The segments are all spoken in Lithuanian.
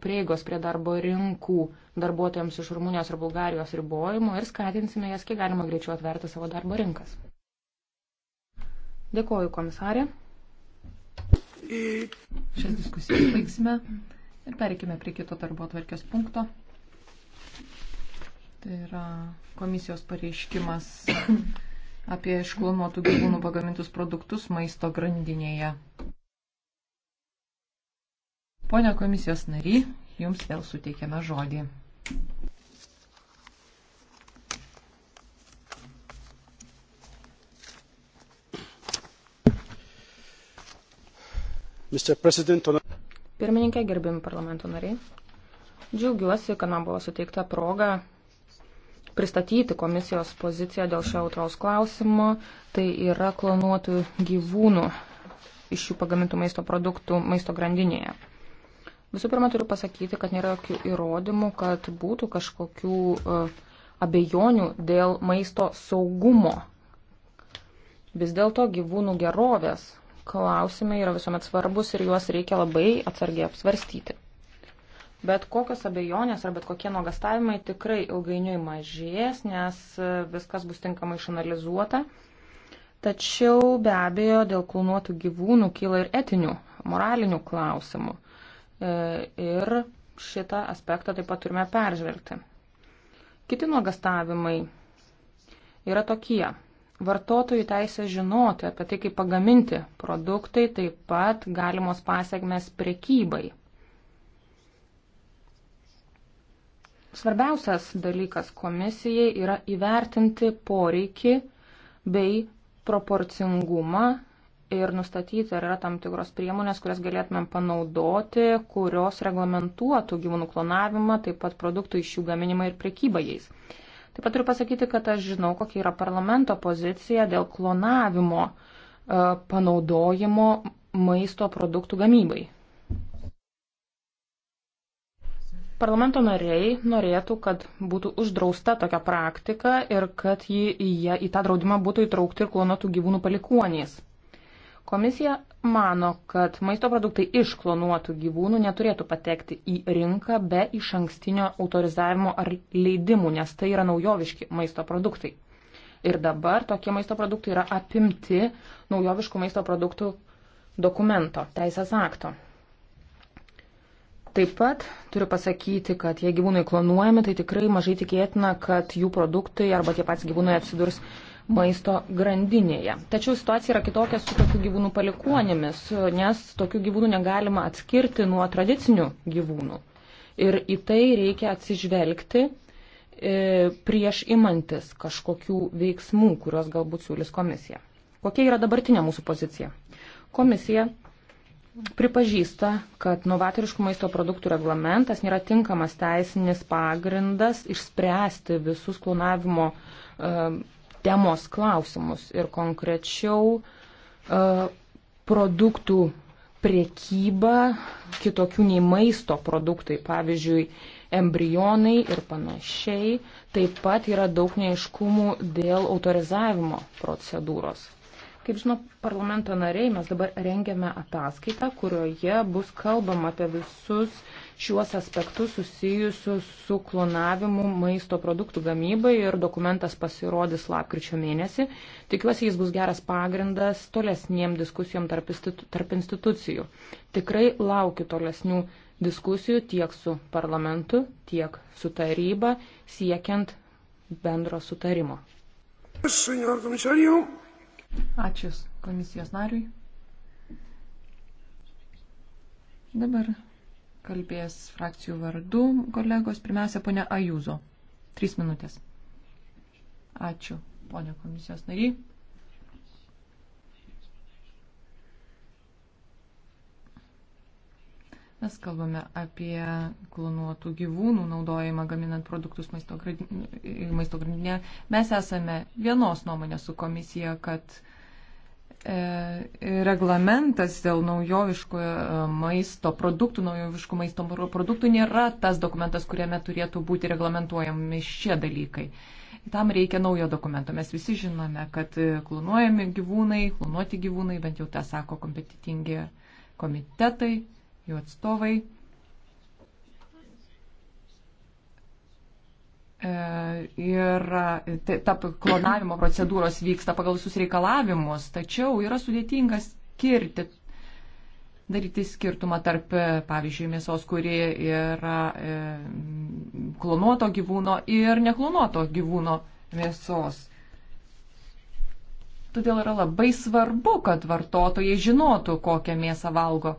prieigos prie darbo rinkų darbuotojams iš Rumunijos ir Bulgarijos ribojimo ir skatinsime jas kiek galima greičiau atverti savo darbo rinkas. Dėkoju, komisarė. Šias diskusijas baigsime ir pereikime prie kito darbo atvarkės punkto. Tai yra komisijos pareiškimas apie išklonuotų gyvūnų pagamintus produktus maisto grandinėje. Pone komisijos nary, jums vėl suteikiame žodį. Pirmininkė, gerbimi parlamento nariai, džiaugiuosi, kad man buvo suteikta proga pristatyti komisijos poziciją dėl šio autraus klausimo, tai yra klonuotų gyvūnų iš jų pagamintų maisto produktų maisto grandinėje. Visų pirma, turiu pasakyti, kad nėra jokių įrodymų, kad būtų kažkokių e, abejonių dėl maisto saugumo. Vis dėlto gyvūnų gerovės klausimai yra visuomet svarbus ir juos reikia labai atsargiai apsvarstyti. Bet kokios abejonės ar bet kokie nuogastavimai tikrai ilgainiui mažės, nes e, viskas bus tinkamai išanalizuota. Tačiau be abejo dėl klonuotų gyvūnų kyla ir etinių, moralinių klausimų. E, ir šitą aspektą taip pat turime peržvelgti. Kiti nuogastavimai yra tokie. Vartotojų teisė žinoti apie tai, kaip pagaminti produktai, taip pat galimos pasiekmes prekybai. Svarbiausias dalykas komisijai yra įvertinti poreikį bei proporcingumą ir nustatyti, ar yra tam tikros priemonės, kurias galėtumėm panaudoti, kurios reglamentuotų gyvūnų klonavimą, taip pat produktų iš jų gaminimą ir prekybą jais. Taip pat turiu pasakyti, kad aš žinau, kokia yra parlamento pozicija dėl klonavimo e, panaudojimo maisto produktų gamybai. Parlamento nariai norėtų, kad būtų uždrausta tokia praktika ir kad jį, jie, į tą draudimą būtų įtraukti ir klonotų gyvūnų palikuonys. Komisija mano, kad maisto produktai iš klonuotų gyvūnų neturėtų patekti į rinką be iš ankstinio autorizavimo ar leidimų, nes tai yra naujoviški maisto produktai. Ir dabar tokie maisto produktai yra apimti naujoviškų maisto produktų dokumento, teisės akto. Taip pat turiu pasakyti, kad jei gyvūnai klonuojami, tai tikrai mažai tikėtina, kad jų produktai arba tie patys gyvūnai atsidurs maisto grandinėje. Tačiau situacija yra kitokia su tokių gyvūnų palikuonėmis, nes tokių gyvūnų negalima atskirti nuo tradicinių gyvūnų. Ir į tai reikia atsižvelgti e, prieš imantis kažkokių veiksmų, kuriuos galbūt siūlys komisija. Kokia yra dabartinė mūsų pozicija? Komisija pripažįsta, kad novatoriškų maisto produktų reglamentas nėra tinkamas teisinis pagrindas išspręsti visus klonavimo e, temos klausimus ir konkrečiau e, produktų priekybą kitokių nei maisto produktai, pavyzdžiui, embrionai ir panašiai. Taip pat yra daug neiškumų dėl autorizavimo procedūros. Kaip žino parlamento nariai, mes dabar rengiame ataskaitą, kurioje bus kalbama apie visus uh, šiuos aspektus susijusius su klonavimu maisto produktų gamybai ir dokumentas pasirodys lapkričio mėnesį. Tikiuosi, jis bus geras pagrindas tolesniem diskusijom tarp, institu, tarp institucijų. Tikrai laukiu tolesnių diskusijų tiek su parlamentu, tiek su taryba, siekiant bendro sutarimo. Ačiū komisijos nariui. Dabar Kalbės frakcijų vardu kolegos. Pirmiausia, ponia Ajūzo. Trys minutės. Ačiū, ponia komisijos nariai. Mes kalbame apie klonuotų gyvūnų naudojimą gaminant produktus maisto grandinėje. Mes esame vienos nuomonės su komisija, kad uh, E, reglamentas dėl naujoviškų e, maisto produktų, naujoviškų maisto produktų nėra tas dokumentas, kuriame turėtų būti reglamentuojami šie dalykai. Tam reikia naujo dokumento. Mes visi žinome, kad e, klonuojami gyvūnai, klonuoti gyvūnai, bent jau tą sako kompetitingi komitetai, jų atstovai. E, ir e, ta klonavimo procedūros vyksta pagal visus reikalavimus, tačiau yra sudėtinga skirti, daryti skirtumą tarp, e, pavyzdžiui, mėsos, kuri yra klonuoto gyvūno ir neklonuoto gyvūno mėsos. Todėl yra labai svarbu, kad vartotojai žinotų, kokią mėsą valgo.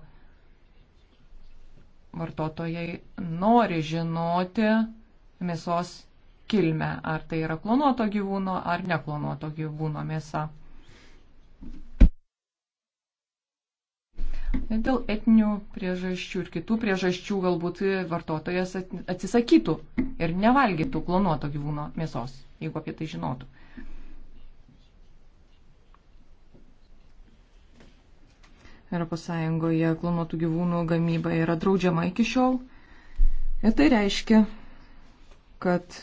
Vartotojai nori žinoti mėsos kilmę, ar tai yra klonuoto gyvūno ar neklonuoto gyvūno mėsa. Dėl etinių priežasčių ir kitų priežasčių galbūt vartotojas atsisakytų ir nevalgytų klonuoto gyvūno mėsos, jeigu apie tai žinotų. ES klonuotų gyvūnų gamyba yra draudžiama iki šiol. Ir tai reiškia, kad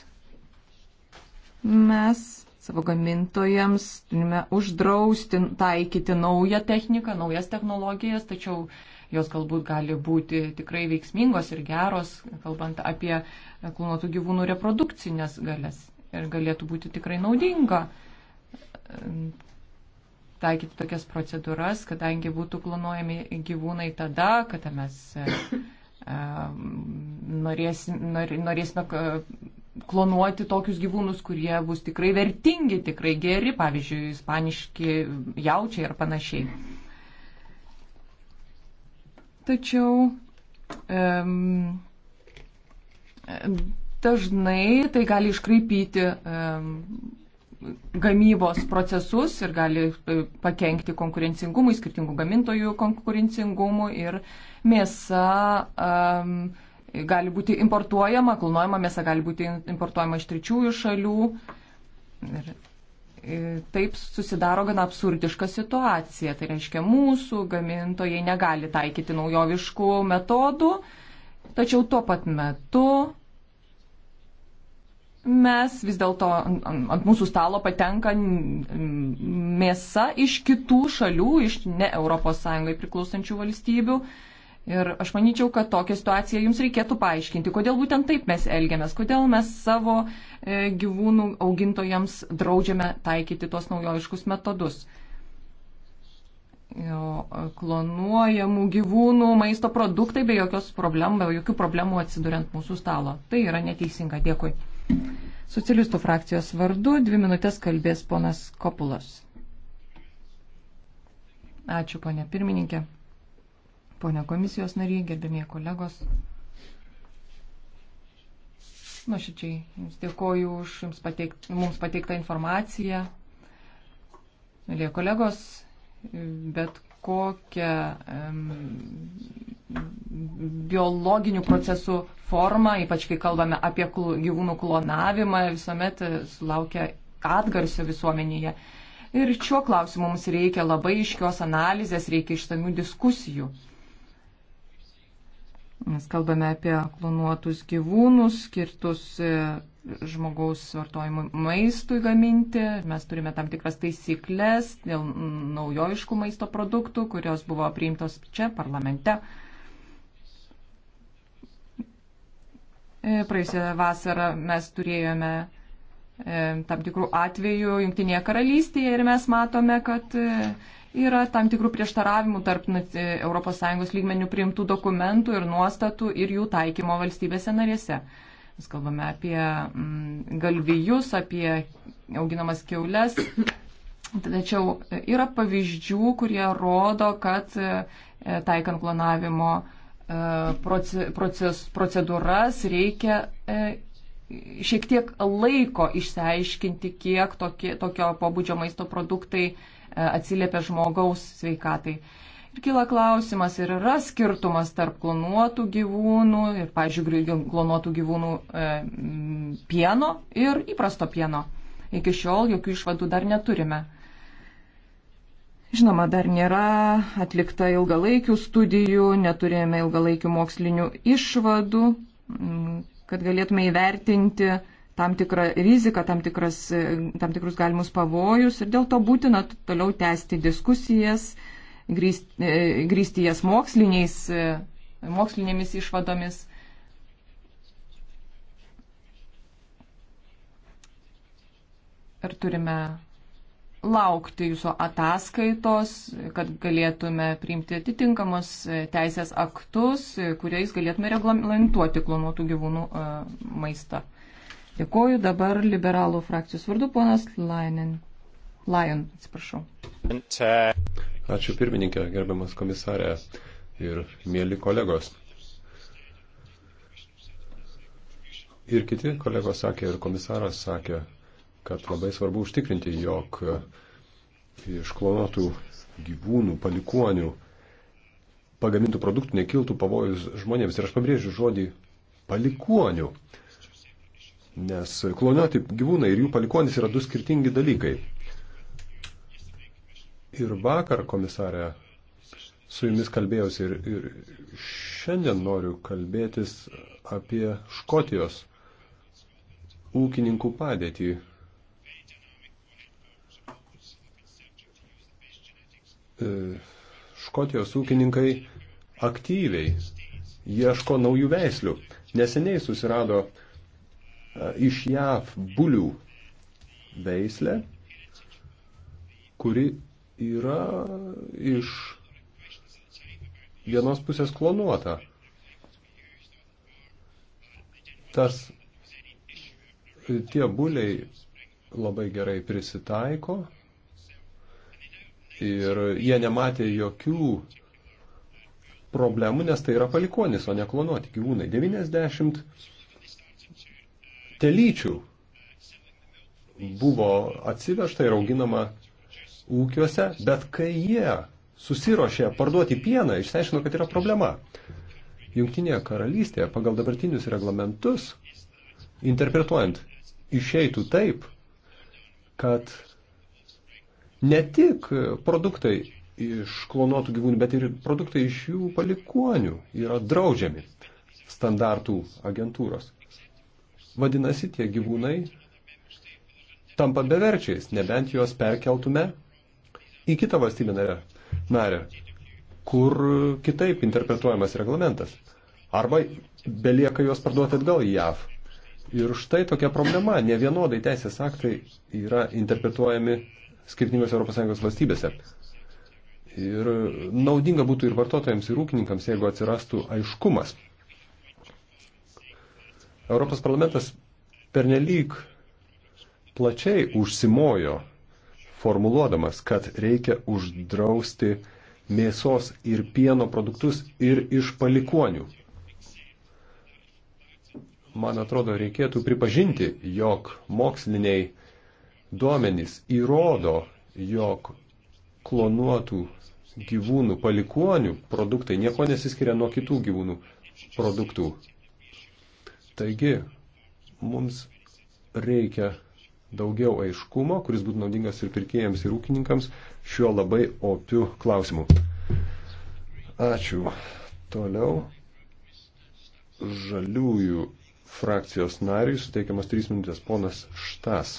mes savo gamintojams turime uždrausti taikyti naują techniką, naujas technologijas, tačiau jos galbūt gali būti tikrai veiksmingos ir geros, kalbant apie klonotų gyvūnų reprodukcinės galės. Ir galėtų būti tikrai naudinga taikyti tokias procedūras, kadangi būtų klonuojami gyvūnai tada, kada mes norėsime, norėsime klonuoti tokius gyvūnus, kurie bus tikrai vertingi, tikrai geri, pavyzdžiui, ispaniški jaučiai ar panašiai. Tačiau um, dažnai tai gali iškraipyti um, gamybos procesus ir gali e, pakengti konkurencingumui, skirtingų gamintojų konkurencingumui ir mėsa um, gali būti importuojama, kilnojama mėsa gali būti importuojama iš trečiųjų šalių. Ir e, taip susidaro gana absurdiška situacija. Tai reiškia, mūsų gamintojai negali taikyti naujoviškų metodų, tačiau tuo pat metu mes vis dėlto ant mūsų stalo patenka mėsa iš kitų šalių, iš ne ES priklausančių valstybių. Ir aš manyčiau, kad tokią situaciją jums reikėtų paaiškinti, kodėl būtent taip mes elgiamės, kodėl mes savo e, gyvūnų augintojams draudžiame taikyti tos naujoviškus metodus. E, klonuojamų gyvūnų maisto produktai be jokios problemų, be jokių problemų atsiduriant mūsų stalo. Tai yra neteisinga. Dėkui. Socialistų frakcijos vardu dvi minutės kalbės ponas Kopulas. Ačiū, ponė pirmininkė ponia komisijos nariai, gerbėmie kolegos. Nuoširdžiai Jums dėkoju už jums pateikt, mums pateiktą informaciją. Mėlyje kolegos, bet kokią um, biologinių procesų formą, ypač kai kalbame apie gyvūnų klonavimą, visuomet e, sulaukia atgarsio visuomenėje. Ir šiuo klausimu mums reikia labai iškios analizės, reikia ištamių diskusijų. Mes kalbame apie klonuotus gyvūnus, skirtus e, žmogaus vartojimui maistui gaminti. Mes turime tam tikras taisyklės dėl naujoviškų maisto produktų, kurios buvo priimtos čia parlamente. E, praėjusią vasarą mes turėjome e, tam tikrų atvejų Junktinėje karalystėje ir mes matome, kad yra tam tikrų prieštaravimų tarp ES lygmenių priimtų dokumentų ir nuostatų ir jų taikymo valstybėse narėse. Mes kalbame apie mm, galvijus, apie auginamas keules. Tačiau yra pavyzdžių, kurie rodo, kad e, taikant klonavimo e, proces, procedūras reikia e, šiek tiek laiko išsiaiškinti, kiek tokie, tokio pobūdžio maisto produktai atsiliepia žmogaus sveikatai. Ir kyla klausimas, ar yra skirtumas tarp klonuotų gyvūnų ir, pažiūrėjau, klonuotų gyvūnų e, pieno ir įprasto pieno. Iki šiol jokių išvadų dar neturime. Žinoma, dar nėra atlikta ilgalaikių studijų, neturėjome ilgalaikių mokslinių išvadų, kad galėtume įvertinti, tam tikrą riziką, tam, tikras, e, tam tikrus galimus pavojus ir dėl to būtina toliau tęsti diskusijas, grįsti, e, grįsti jas moksliniais, e, mokslinėmis išvadomis. Ir turime laukti jūsų ataskaitos, kad galėtume priimti atitinkamus teisės aktus, kuriais galėtume reglamentuoti klonuotų gyvūnų maistą. Dėkoju dabar liberalų frakcijos vardu ponas Lainin. Lion, atsiprašau. Ačiū pirmininkė, gerbiamas komisarė ir mėly kolegos. Ir kiti kolegos sakė, ir komisaras sakė, kad labai svarbu užtikrinti, jog iš klonotų gyvūnų, palikuonių pagamintų produktų nekiltų pavojus žmonėms. Ir aš pabrėžiu žodį palikuonių. Nes klonuoti gyvūnai ir jų palikonis yra du skirtingi dalykai. Ir vakar, komisarė, su jumis kalbėjausi ir, ir šiandien noriu kalbėtis apie Škotijos ūkininkų padėtį. E, Škotijos ūkininkai aktyviai ieško naujų veislių. Neseniai susirado uh, E, iš JAV bulių veislę, kuri yra iš vienos pusės klonuota. Tas e, tie buliai labai gerai prisitaiko ir jie nematė jokių problemų, nes tai yra palikonis, o ne klonuoti gyvūnai. 90 telyčių buvo atsivežta ir auginama ūkiuose, bet kai jie susirošė parduoti pieną, išsiaiškino, kad yra problema. Jungtinėje karalystėje pagal dabartinius reglamentus, interpretuojant, išeitų taip, kad ne tik produktai iš klonuotų gyvūnų, bet ir produktai iš jų palikuonių yra draudžiami standartų agentūros. Vadinasi, tie gyvūnai tampa beverčiais, nebent juos perkeltume į kitą valstybę narę, narę, kur kitaip interpretuojamas reglamentas. Arba belieka juos parduoti atgal į JAV. Ir štai tokia problema. Ne vienodai teisės aktai yra interpretuojami skirtingose ES valstybėse. Ir naudinga būtų ir vartotojams, ir ūkininkams, jeigu atsirastų aiškumas Europos parlamentas pernelyg plačiai užsimojo, formuluodamas, kad reikia uždrausti mėsos ir pieno produktus ir iš palikuonių. Man atrodo, reikėtų pripažinti, jog moksliniai duomenys įrodo, jog klonuotų gyvūnų palikuonių produktai nieko nesiskiria nuo kitų gyvūnų produktų. Taigi, mums reikia daugiau aiškumo, kuris būtų naudingas ir pirkėjams, ir ūkininkams šiuo labai opiu klausimu. Ačiū. Toliau žaliųjų frakcijos nariui suteikiamas 3 minutės ponas Štas.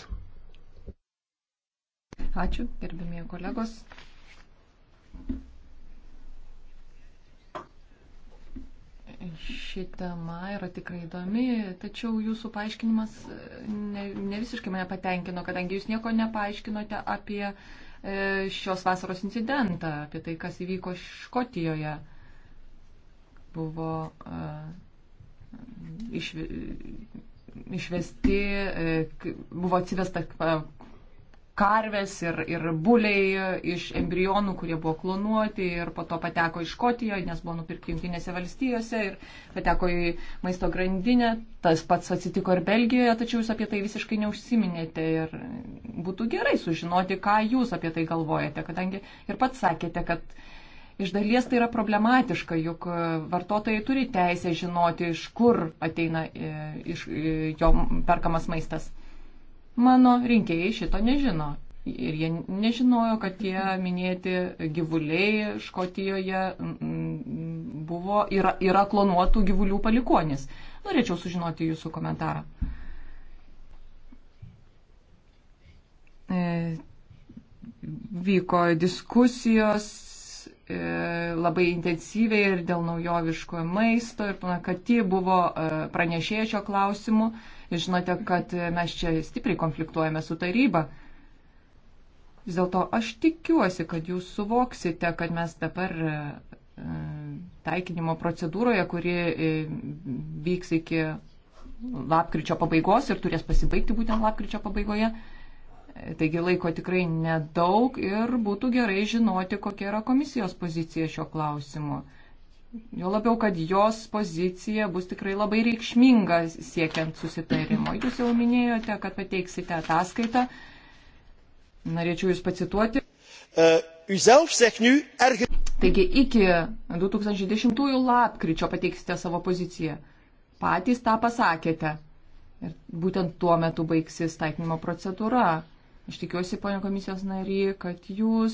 Ačiū, gerbimie kolegos. Ši tema yra tikrai įdomi, tačiau jūsų paaiškinimas e, ne, ne visiškai mane patenkino, kadangi jūs nieko nepaaiškinote apie e, šios vasaros incidentą, apie tai, kas įvyko Škotijoje. Buvo uh, e, iš, išvesti, buvo atsivesta karvės ir, ir buliai iš embrionų, kurie buvo klonuoti ir po to pateko į Škotiją, nes buvo nupirkti Junktinėse valstijose ir pateko į maisto grandinę. Tas pats atsitiko ir Belgijoje, tačiau jūs apie tai visiškai neužsiminėte ir būtų gerai sužinoti, ką jūs apie tai galvojate, kadangi ir pats sakėte, kad iš dalies tai yra problematiška, juk vartotojai turi teisę žinoti, iš kur ateina e, iš, e, jo perkamas maistas. Mano rinkėjai šito nežino. Ir jie nežinojo, kad tie minėti gyvuliai Škotijoje mm, mm, buvo, yra, yra klonuotų gyvulių palikonis. Norėčiau sužinoti jūsų komentarą. E, vyko diskusijos E, labai intensyviai ir dėl naujoviško maisto. Ir pana Kati buvo e, pranešėja šio klausimu. Ir žinote, kad e, mes čia stipriai konfliktuojame su taryba. Vis dėlto aš tikiuosi, kad jūs suvoksite, kad mes dabar taikinimo procedūroje, kuri vyks iki lapkričio pabaigos ir turės pasibaigti būtent lapkričio pabaigoje, Taigi laiko tikrai nedaug ir būtų gerai žinoti, kokia yra komisijos pozicija šio klausimu. Jo labiau, kad jos pozicija bus tikrai labai reikšminga siekiant susitarimo. Jūs jau minėjote, kad pateiksite ataskaitą. Norėčiau Jūs pacituoti. Uh, nu Taigi iki 2010 lapkričio pateiksite savo poziciją. Patys tą pasakėte. Ir būtent tuo metu baigsis taikinimo procedūra. Aš tikiuosi, ponia komisijos nary, kad jūs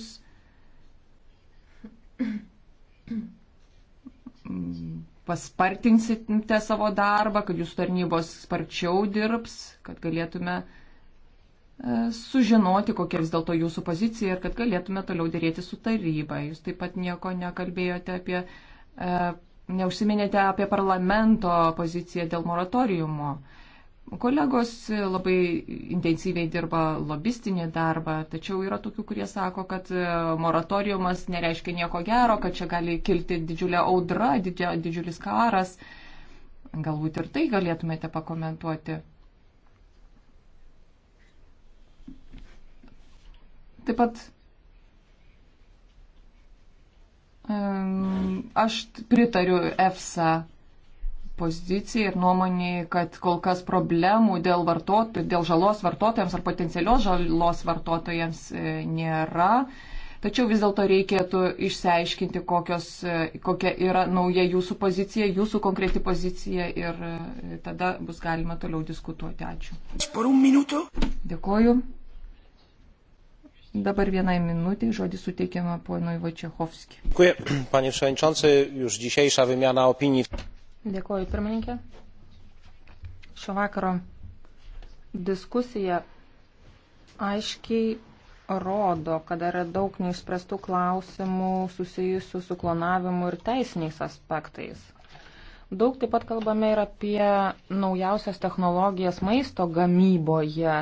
mm, paspartinsite savo darbą, kad jūsų tarnybos sparčiau dirbs, kad galėtume e, sužinoti, kokia vis dėlto jūsų pozicija ir kad galėtume toliau dėrėti su taryba. Jūs taip pat nieko nekalbėjote apie, e, neužsiminėte apie parlamento poziciją dėl moratoriumo. Kolegos labai intensyviai dirba lobistinį darbą, tačiau yra tokių, kurie sako, kad moratoriumas nereiškia nieko gero, kad čia gali kilti didžiulė audra, didžia, didžiulis karas. Galbūt ir tai galėtumėte pakomentuoti. Taip pat aš pritariu EFSA pozicijai ir nuomoniai, kad kol kas problemų dėl, vartotojų, dėl žalos vartotojams ar potencialios žalos vartotojams e, nėra. Tačiau vis dėlto reikėtų išsiaiškinti, kokios, e, kokia yra nauja jūsų pozicija, jūsų konkreti pozicija ir e, tada bus galima toliau diskutuoti. Ačiū. Dėkoju. Dabar vienai minutė žodį suteikiama ponui Vačiachovskijui. Dziękuję, panie przewodniczący. Już dzisiejsza wymiana opinii. Dėkuoju, pirmininkė. Šio vakaro diskusija aiškiai rodo, kad yra daug neišspręstų klausimų susijusių su klonavimu ir teisiniais aspektais. Daug taip pat kalbame ir apie naujausias technologijas maisto gamyboje.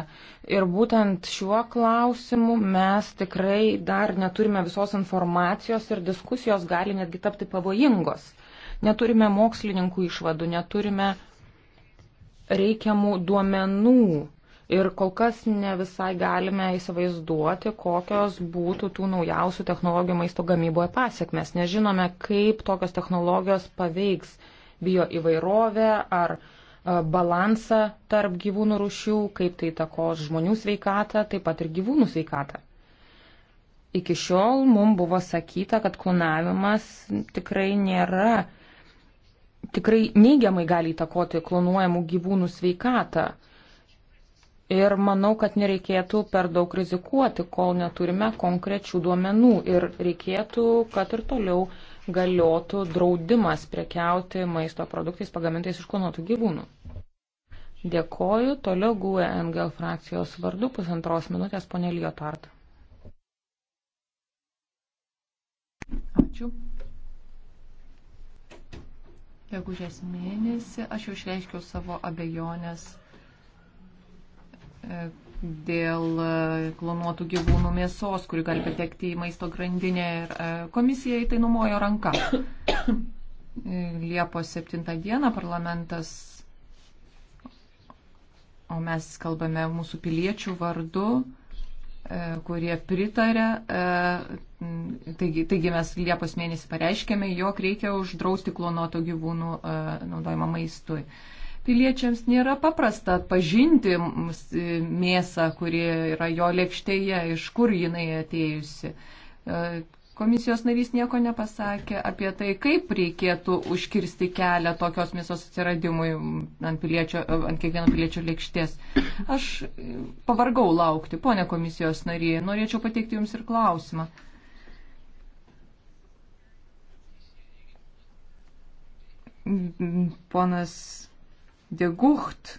Ir būtent šiuo klausimu mes tikrai dar neturime visos informacijos ir diskusijos gali netgi tapti pavojingos. Neturime mokslininkų išvadų, neturime reikiamų duomenų. Ir kol kas ne visai galime įsivaizduoti, kokios būtų tų naujausių technologijų maisto gamyboje pasiekmes. Nežinome, kaip tokios technologijos paveiks bio įvairovę ar e, balansą tarp gyvūnų rušių, kaip tai takos žmonių sveikatą, taip pat ir gyvūnų sveikatą. Iki šiol mums buvo sakyta, kad klonavimas tikrai nėra tikrai neigiamai gali įtakoti klonuojamų gyvūnų sveikatą. Ir manau, kad nereikėtų per daug rizikuoti, kol neturime konkrečių duomenų. Ir reikėtų, kad ir toliau galiotų draudimas prekiauti maisto produktais pagamintais iš klonuotų gyvūnų. Dėkoju. Toliau GUE NGL frakcijos vardu pusantros minutės ponė Liotard. Ačiū gegužės mėnesį aš jau išreiškiau savo abejonės e, dėl e, klonuotų gyvūnų mėsos, kuri gali patekti į maisto grandinę ir e, komisija į tai numojo ranką. Liepos 7 dieną parlamentas, o mes kalbame mūsų piliečių vardu, E, kurie pritarė. E, taigi, taigi mes Liepos mėnesį pareiškėme, jog reikia uždrausti klonuoto gyvūnų e, naudojimą maistui. Piliečiams nėra paprasta pažinti mėsą, kuri yra jo lėkštėje, iš kur jinai atėjusi. Komisijos narys nieko nepasakė apie tai, kaip reikėtų užkirsti kelią tokios mėsos atsiradimui ant, piliečio, ant kiekvieno piliečio lėkštės. Aš pavargau laukti, ponė komisijos narė, norėčiau pateikti Jums ir klausimą. Ponas Degucht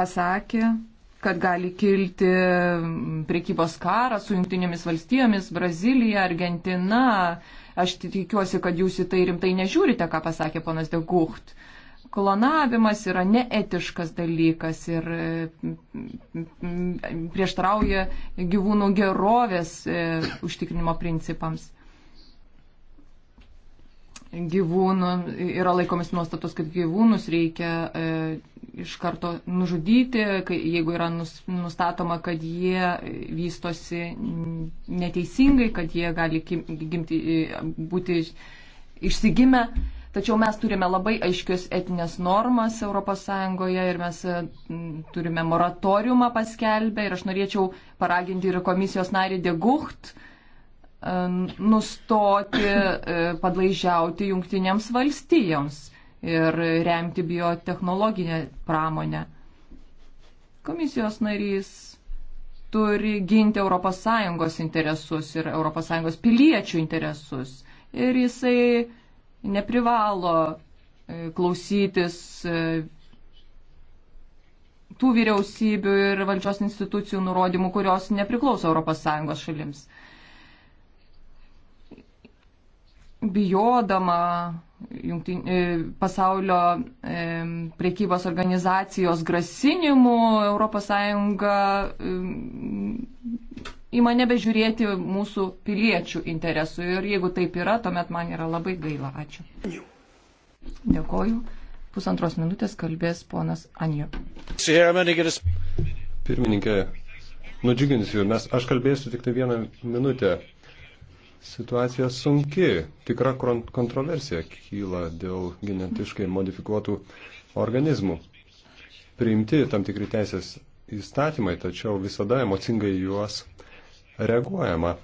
pasakė, kad gali kilti priekybos karas su jungtinėmis valstijomis, Brazilija, Argentina. Aš tikiuosi, kad jūs į tai rimtai nežiūrite, ką pasakė ponas Degucht. Klonavimas yra neetiškas dalykas ir mm, mm, mm, prieštarauja gyvūnų gerovės e, užtikrinimo principams gyvūnų yra laikomis nuostatos, kad gyvūnus reikia e, iš karto nužudyti, kai, jeigu yra nus, nustatoma, kad jie vystosi neteisingai, kad jie gali gimti, e, būti išsigimę. Tačiau mes turime labai aiškius etinės normas ES ir mes e, turime moratoriumą paskelbę ir aš norėčiau paraginti ir komisijos narį Degucht, e, nustoti e, padlaižiauti jungtinėms valstijoms ir remti biotehnologinę pramonę. Komisijos narys turi ginti ES interesus ir ES piliečių interesus. Ir jisai neprivalo e, klausytis e, tų vyriausybių ir valdžios institucijų nurodymų, kurios nepriklauso ES šalims. bijodama jungtin, e, pasaulio e, priekybos organizacijos grasinimų ES e, ima nebežiūrėti mūsų piliečių interesų. Ir jeigu taip yra, tuomet man yra labai gaila. Ačiū. Dėkoju. Pusantros minutės kalbės ponas Anjo. Pirmininkė, nudžiuginsiu, mes aš kalbėsiu tik tai vieną minutę. Situacija sunki, tikra kontroversija kyla dėl genetiškai modifikuotų organizmų. Priimti tam tikri teisės įstatymai, tačiau visada emocingai juos reaguojama.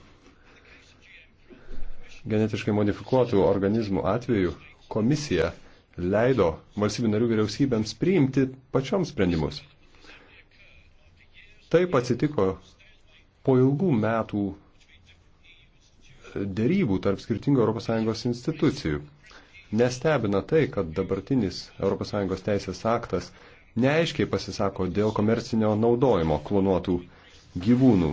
Genetiškai modifikuotų organizmų atveju komisija leido valstybių narių vyriausybėms priimti pačioms sprendimus. Taip atsitiko po ilgų metų dėrybų tarp skirtingų ES institucijų. Nestebina tai, kad dabartinis ES teisės aktas neaiškiai pasisako dėl komercinio naudojimo klonuotų gyvūnų.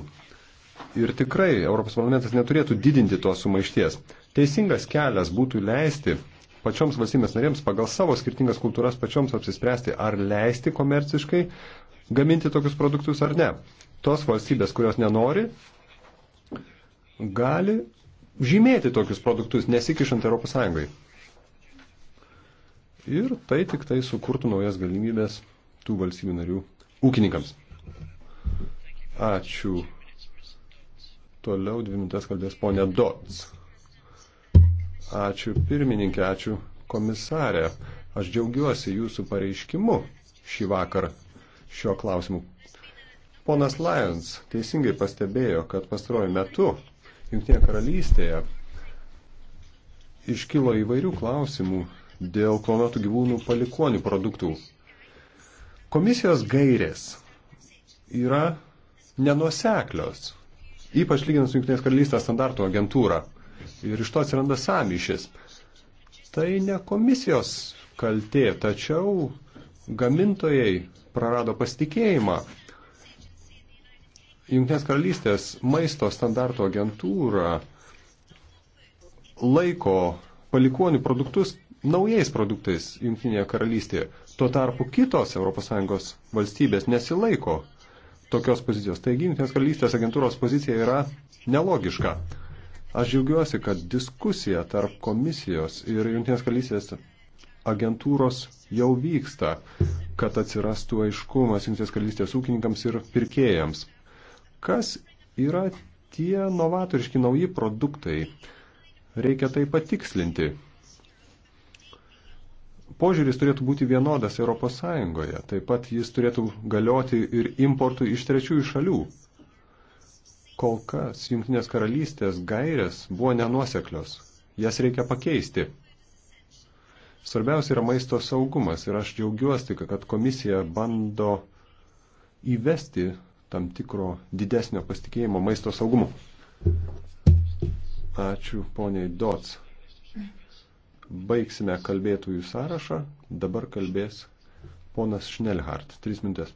Ir tikrai Europos parlamentas neturėtų didinti tos sumaišties. Teisingas kelias būtų leisti pačioms valstybės narėms pagal savo skirtingas kultūras pačioms apsispręsti, ar leisti komerciškai gaminti tokius produktus ar ne. Tos valstybės, kurios nenori, gali žymėti tokius produktus, nesikišant ES. Ir tai tik tai sukurtų naujas galimybės tų valstybių narių ūkininkams. Ačiū. Toliau dvi minutės kalbės ponė Dots. Ačiū pirmininkė, ačiū komisarė. Aš džiaugiuosi jūsų pareiškimu šį vakarą šiuo klausimu. Ponas Lions teisingai pastebėjo, kad pastaruoju metu Junktinėje karalystėje iškilo įvairių klausimų dėl klonotų gyvūnų palikonių produktų. Komisijos gairės yra nenuseklios, ypač lyginant su Junktinės karalystės standartų agentūra. Ir iš to atsiranda samyšis. Tai ne komisijos kaltė, tačiau gamintojai prarado pasitikėjimą Junktinės karalystės maisto standarto agentūra laiko palikonių produktus naujais produktais Junktinėje karalystėje. Tuo tarpu kitos ES valstybės nesilaiko tokios pozicijos. Taigi Junktinės karalystės agentūros pozicija yra nelogiška. Aš džiaugiuosi, kad diskusija tarp komisijos ir Junktinės karalystės agentūros jau vyksta, kad atsirastų aiškumas Junktinės karalystės ūkininkams ir pirkėjams kas yra tie novatoriški nauji produktai. Reikia tai patikslinti. Požiūris turėtų būti vienodas ES, taip pat jis turėtų galioti ir importui iš trečiųjų šalių. Kol kas Junktinės karalystės gairės buvo nenuoseklios. Jas reikia pakeisti. Svarbiausia yra maisto saugumas ir aš džiaugiuosi, kad komisija bando įvesti tam tikro didesnio pasitikėjimo maisto saugumu. Ačiū poniai Dots. Baigsime kalbėtųjų sąrašą. Dabar kalbės ponas Šnelhart. Tris minutės.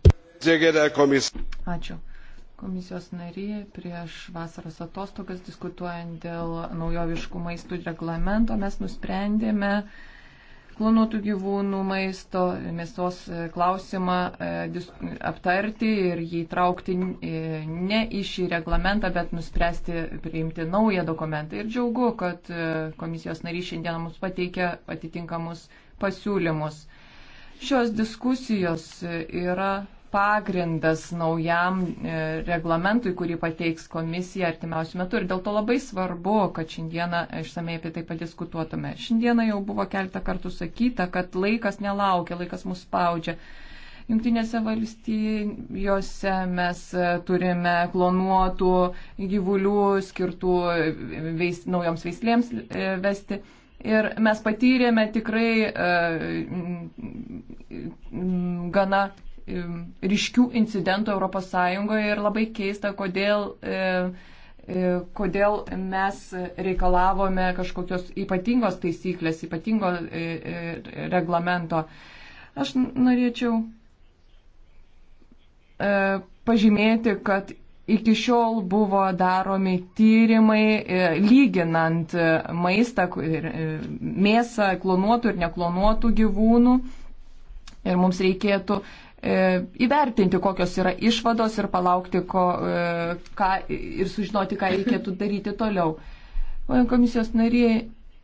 Ačiū komisijos narį prieš vasaros atostogas diskutuojant dėl naujoviškų maistų reglamento mes nusprendėme klonuotų gyvūnų maisto, mėsos klausimą e, aptarti ir jį traukti e, ne į šį reglamentą, bet nuspręsti priimti naują dokumentą. Ir džiaugu, kad e, komisijos narys šiandien mums pateikia atitinkamus pasiūlymus. Šios diskusijos yra pagrindas naujam e, reglamentui, kurį pateiks komisija artimiausių metų. Ir dėl to labai svarbu, kad šiandieną išsamei apie tai padiskutuotume. Šiandieną jau buvo keletą kartų sakyta, kad laikas nelaukia, laikas mus spaudžia. Junktinėse valstijose mes turime klonuotų gyvulių skirtų veis, naujoms veislėms e, vesti. Ir mes patyrėme tikrai e, gana ryškių incidentų ES ir labai keista, kodėl, e, e, kodėl mes reikalavome kažkokios ypatingos taisyklės, ypatingo e, reglamento. Aš norėčiau pažymėti, kad iki šiol buvo daromi tyrimai lyginant maistą, mėsą klonuotų ir neklonuotų gyvūnų. Ir mums reikėtų E, įvertinti, kokios yra išvados ir palaukti, ko, e, ką, ir sužinoti, ką reikėtų daryti toliau. Komisijos nariai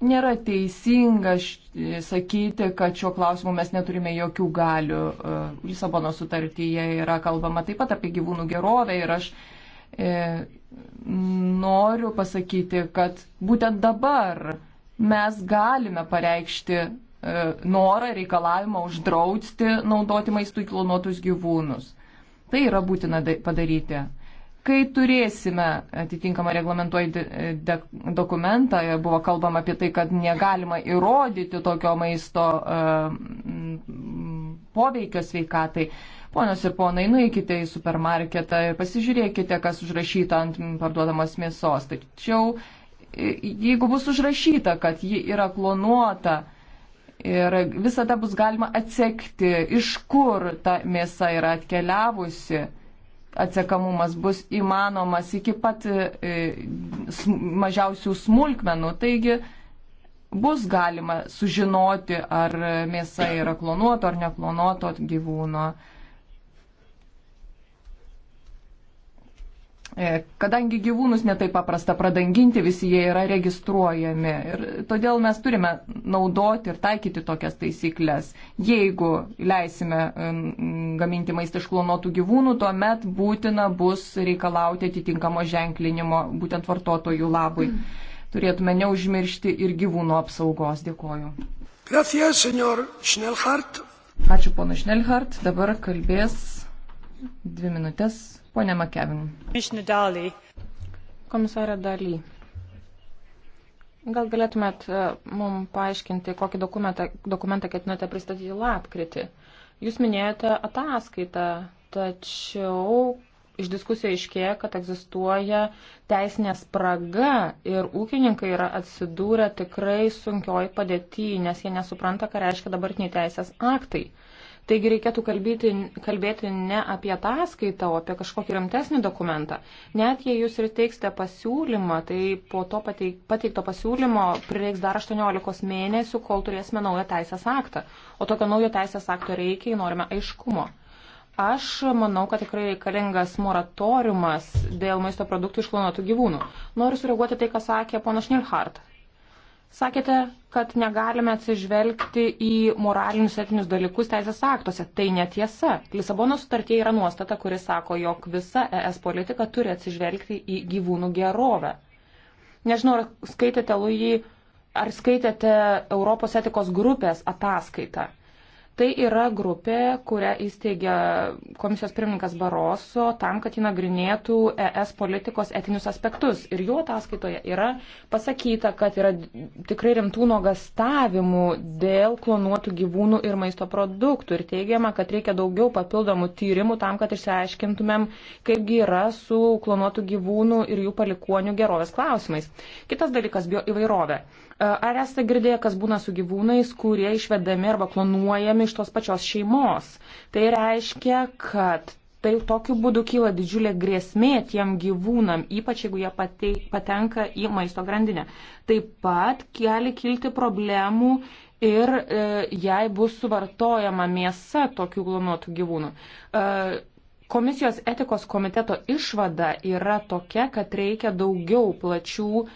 nėra teisinga e, sakyti, kad šiuo klausimu mes neturime jokių galių. Lisabono sutartyje yra kalbama taip pat apie gyvūnų gerovę ir aš noriu pasakyti, kad būtent dabar mes galime pareikšti E, norą, reikalavimą uždrausti naudoti maistui klonuotus gyvūnus. Tai yra būtina padaryti. Kai turėsime atitinkamą reglamentuojantį e, dokumentą, e, buvo kalbama apie tai, kad negalima įrodyti tokio maisto poveikio sveikatai. Ponios ir ponai, nueikite į supermarketą ir pasižiūrėkite, kas užrašyta ant parduodamos mėsos. Tačiau jeigu bus užrašyta, kad ji yra klonuota, Ir visada bus galima atsekti, iš kur ta mėsa yra atkeliavusi. Atsekamumas bus įmanomas iki pat e, mažiausių smulkmenų. Taigi bus galima sužinoti, ar mėsa yra klonuoto ar neklonuoto gyvūno. E, kadangi gyvūnus netai paprasta pradanginti, visi jie yra registruojami ir todėl mes turime naudoti ir taikyti tokias taisyklės. Jeigu leisime e, gaminti maistą iš klonuotų gyvūnų, tuomet būtina bus reikalauti atitinkamo ženklinimo būtent vartotojų labui. Turėtume neužmiršti ir gyvūnų apsaugos. Dėkoju. Gracias, Ačiū, ponas Šnelhart. Dabar kalbės dvi minutės Pone Makevin. Komisarė Daly. Gal galėtumėt e, mum paaiškinti, kokį dokumentą, dokumentą ketinate pristatyti lapkritį? Jūs minėjote ataskaitą, tačiau iš diskusijų iškėja, kad egzistuoja teisinė spraga ir ūkininkai yra atsidūrę tikrai sunkioj padėtyje, nes jie nesupranta, ką reiškia dabartiniai teisės aktai. Taigi reikėtų kalbėti, kalbėti ne apie ataskaitą, o apie kažkokį rimtesnį dokumentą. Net jei jūs ir teiksite pasiūlymą, tai po to pateik, pateikto pasiūlymo prireiks dar 18 mėnesių, kol turėsime naują teisės aktą. O tokio naujo teisės akto reikia, jei norime aiškumo. Aš manau, kad tikrai reikalingas moratoriumas dėl maisto produktų iš klonuotų gyvūnų. Noriu sureaguoti tai, ką sakė ponas Šnirhart. Sakėte, kad negalime atsižvelgti į moralinius etinius dalykus teisės aktuose. Tai netiesa. Lisabono sutartie yra nuostata, kuri sako, jog visa ES politika turi atsižvelgti į gyvūnų gerovę. Nežinau, ar skaitėte, Luijai, ar skaitėte Europos etikos grupės ataskaitą. Tai yra grupė, kurią įsteigia komisijos pirmininkas Baroso tam, kad jį nagrinėtų ES politikos etinius aspektus. Ir jo ataskaitoje yra pasakyta, kad yra tikrai rimtų nuogastavimų dėl klonuotų gyvūnų ir maisto produktų. Ir teigiama, kad reikia daugiau papildomų tyrimų tam, kad išsiaiškintumėm, kaipgi yra su klonuotų gyvūnų ir jų palikonių gerovės klausimais. Kitas dalykas - bioįvairovė. Ar esate girdėję, kas būna su gyvūnais, kurie išvedami arba klonuojami iš tos pačios šeimos? Tai reiškia, kad tai tokiu būdu kyla didžiulė grėsmė tiem gyvūnam, ypač jeigu jie patei, patenka į maisto grandinę. Taip pat gali kilti problemų ir e, jei bus suvartojama mėsa tokių klonuotų gyvūnų. E, Komisijos etikos komiteto išvada yra tokia, kad reikia daugiau plačių e,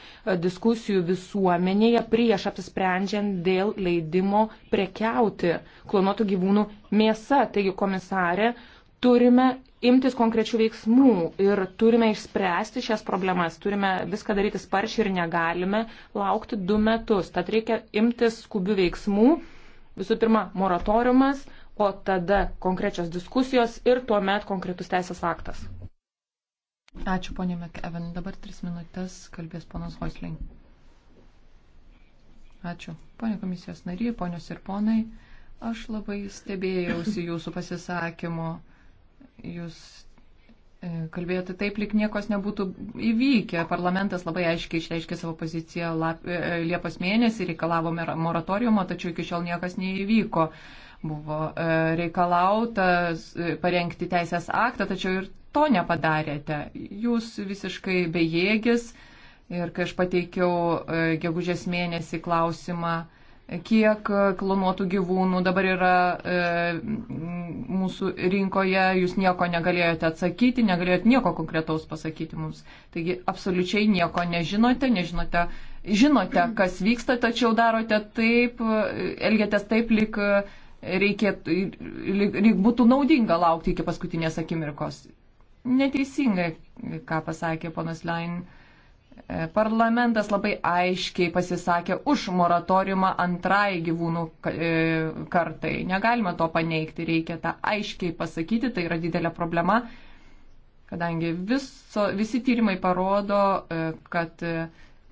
diskusijų visuomenėje prieš apsisprendžiant dėl leidimo prekiauti klonuotų gyvūnų mėsa. Taigi, komisarė, turime imtis konkrečių veiksmų ir turime išspręsti šias problemas, turime viską daryti sparčiai ir negalime laukti du metus. Tad reikia imtis skubių veiksmų. Visų pirma, moratoriumas, o tada konkrečios diskusijos ir tuomet konkretus teisės aktas. Ačiū, ponė McEwen. Dabar tris minutės kalbės ponas Hoisling. Ačiū. Pone komisijos nary, ponios ir ponai, aš labai stebėjausi jūsų pasisakymo. Jūs e, kalbėjote taip, lik niekos nebūtų įvykę. Parlamentas labai aiškiai išreiškė savo poziciją e, e, Liepos mėnesį, reikalavome moratoriumo, tačiau iki šiol niekas neįvyko. Buvo e, reikalauta e, parengti teisės aktą, tačiau ir to nepadarėte. Jūs visiškai bejėgis ir kai aš pateikiau e, gegužės mėnesį klausimą, kiek klonuotų gyvūnų dabar yra e, mūsų rinkoje, jūs nieko negalėjote atsakyti, negalėjote nieko konkretaus pasakyti mums. Taigi absoliučiai nieko nežinote, nežinote, žinote, kas vyksta, tačiau darote taip, elgiatės taip, lyg reikėtų, lyg būtų naudinga laukti iki paskutinės akimirkos. Neteisingai, ką pasakė ponas Lein. E, parlamentas labai aiškiai pasisakė už moratoriumą antrai gyvūnų e, kartai. Negalima to paneigti, reikia tą aiškiai pasakyti, tai yra didelė problema, kadangi viso, visi tyrimai parodo, e, kad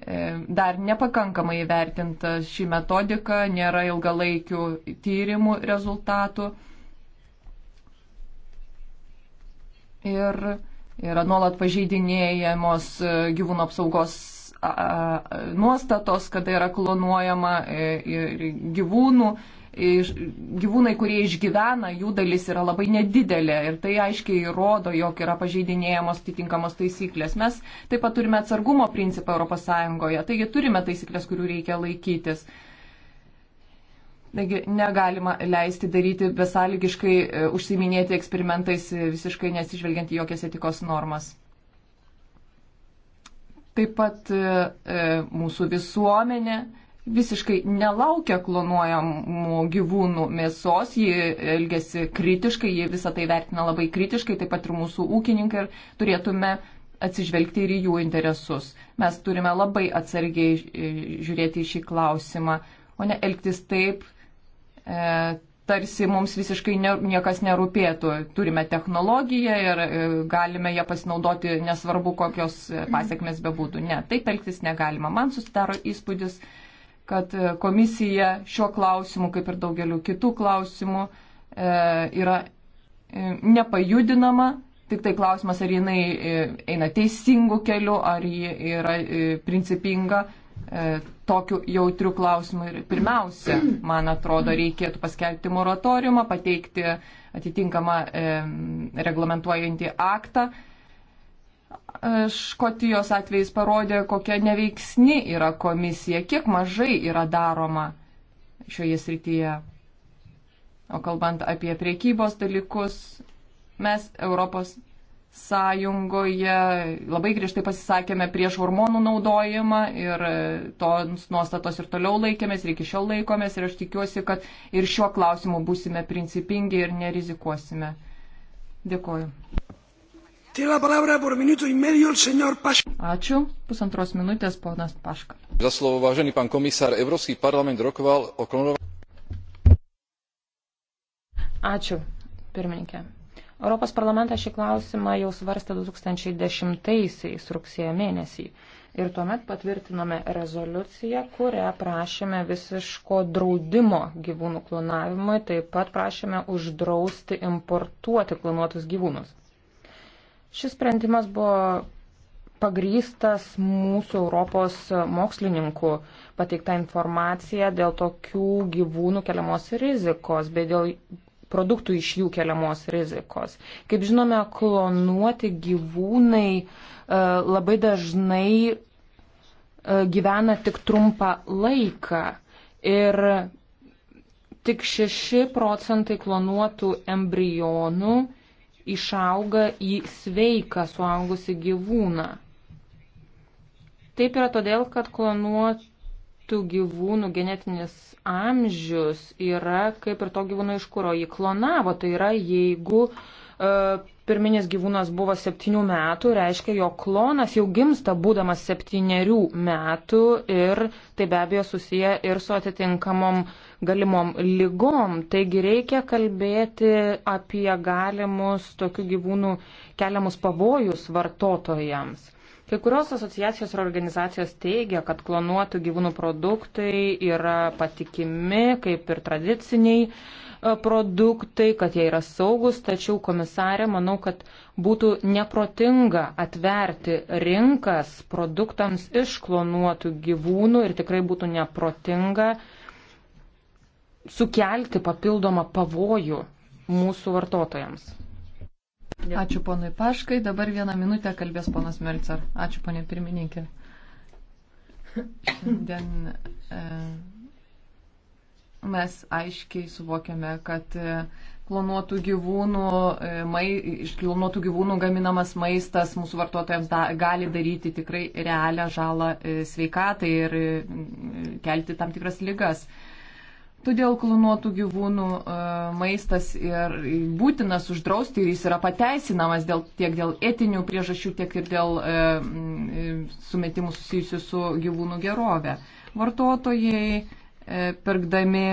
E, dar nepakankamai įvertinta šį metodiką, nėra ilgalaikių tyrimų rezultatų. Ir yra nuolat pažeidinėjamos e, gyvūnų apsaugos nuostatos, kada yra klonuojama e, gyvūnų gyvūnai, kurie išgyvena, jų dalis yra labai nedidelė ir tai aiškiai įrodo, jog yra pažeidinėjamos atitinkamos taisyklės. Mes taip pat turime atsargumo principą ES, taigi turime taisyklės, kurių reikia laikytis. Taigi negalima leisti daryti besąlygiškai e, užsiminėti eksperimentais e, visiškai nesižvelgiant į jokias etikos normas. Taip pat e, e mūsų visuomenė visiškai nelaukia klonuojamų gyvūnų mėsos, ji elgesi kritiškai, ji visą tai vertina labai kritiškai, taip pat ir mūsų ūkininkai ir turėtume atsižvelgti ir į jų interesus. Mes turime labai atsargiai žiūrėti į šį klausimą, o ne elgtis taip, e, tarsi mums visiškai ne, niekas nerūpėtų. Turime technologiją ir e, galime ją pasinaudoti, nesvarbu kokios e, pasiekmes bebūtų. Ne, taip elgtis negalima. Man susidaro įspūdis, kad e, komisija šiuo klausimu, kaip ir daugeliu kitų klausimų, e, yra e, nepajudinama. Tik tai klausimas, ar jinai eina teisingu keliu, ar ji yra principinga tokiu jautriu klausimu. Ir pirmiausia, man atrodo, reikėtų paskelbti moratoriumą, pateikti atitinkamą reglamentuojantį aktą Škotijos atvejais parodė, kokia neveiksni yra komisija, kiek mažai yra daroma šioje srityje. O kalbant apie priekybos dalykus, mes Europos Sąjungoje labai griežtai pasisakėme prieš hormonų naudojimą ir tos nuostatos ir toliau laikėmės ir iki šiol laikomės ir aš tikiuosi, kad ir šiuo klausimu būsime principingi ir nerizikuosime. Dėkuoju. Ačiū. Pusantros minutės, ponas Paška. Za slovo, vážený pán komisár, Európsky parlament rokoval o klonovaní. Ačiū, pirmininkė. Europos parlamentas šį klausimą jau svarstė 2010 rugsėjo mėnesį ir tuomet patvirtinome rezoliuciją, kurią prašėme visiško draudimo gyvūnų klonavimui, taip pat prašėme uždrausti importuoti klonuotus gyvūnus. Šis sprendimas buvo pagrystas mūsų Europos mokslininkų pateikta informacija dėl tokių gyvūnų keliamos rizikos bei dėl produktų iš jų keliamos rizikos. Kaip žinome, klonuoti gyvūnai e, labai dažnai e, gyvena tik trumpą laiką ir tik 6 procentai klonuotų embrionų išauga į sveiką suaugusi gyvūną. Taip yra todėl, kad klonuotų gyvūnų genetinis amžius yra kaip ir to gyvūno, iš kurio jį klonavo. Tai yra, jeigu uh, pirminis gyvūnas buvo septynių metų, reiškia, jo klonas jau gimsta būdamas septyniarių metų ir tai be abejo susiję ir su atitinkamom uh, galimom lygom. Taigi reikia kalbėti apie galimus tokių gyvūnų keliamus pavojus vartotojams. Kai kurios asociacijos ir organizacijos teigia, kad klonuotų gyvūnų produktai yra patikimi, kaip ir tradiciniai e, produktai, kad jie yra saugus, tačiau komisarė, manau, kad būtų neprotinga atverti rinkas produktams iš klonuotų gyvūnų ir tikrai būtų neprotinga uh, sukelti papildomą pavojų mūsų vartotojams. Ačiū ponui Paškai. Dabar vieną minutę kalbės ponas Melcer. Ačiū ponė pirmininkė. Šiandien e, mes aiškiai suvokiame, kad e, klonuotų gyvūnų, e, mai, iš klonuotų gyvūnų gaminamas maistas mūsų vartotojams da, gali daryti tikrai realią žalą e, sveikatai ir e, kelti tam tikras lygas. E, Todėl klonuotų gyvūnų e, maistas ir būtinas uždrausti ir jis yra pateisinamas dėl, tiek dėl etinių priežasčių, tiek ir dėl e, e, sumetimų susijusių su gyvūnų gerove. Vartotojai e, pirkdami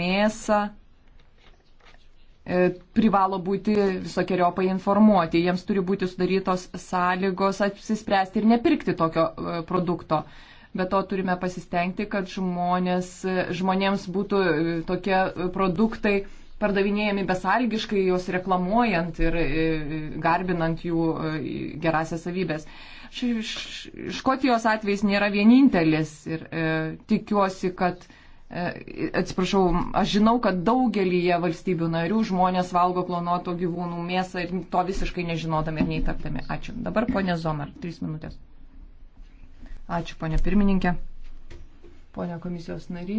mėsą e, privalo būti visokiojopai informuoti, jiems turi būti sudarytos sąlygos apsispręsti ir nepirkti tokio e, produkto. E, bet to turime pasistengti, kad žmonės, žmonėms būtų e, tokie e, produktai pardavinėjami besalgiškai, juos reklamuojant ir e, garbinant jų gerasias savybės. Škotijos atvejs nėra vienintelis ir e, tikiuosi, kad e, Atsiprašau, aš žinau, kad daugelį valstybių narių žmonės valgo klonuoto gyvūnų mėsą ir to visiškai nežinodami ir neįtartami. Ačiū. Dabar ponė Zomar, trys minutės. Ačiū, ponė pirmininkė. Pone komisijos nary,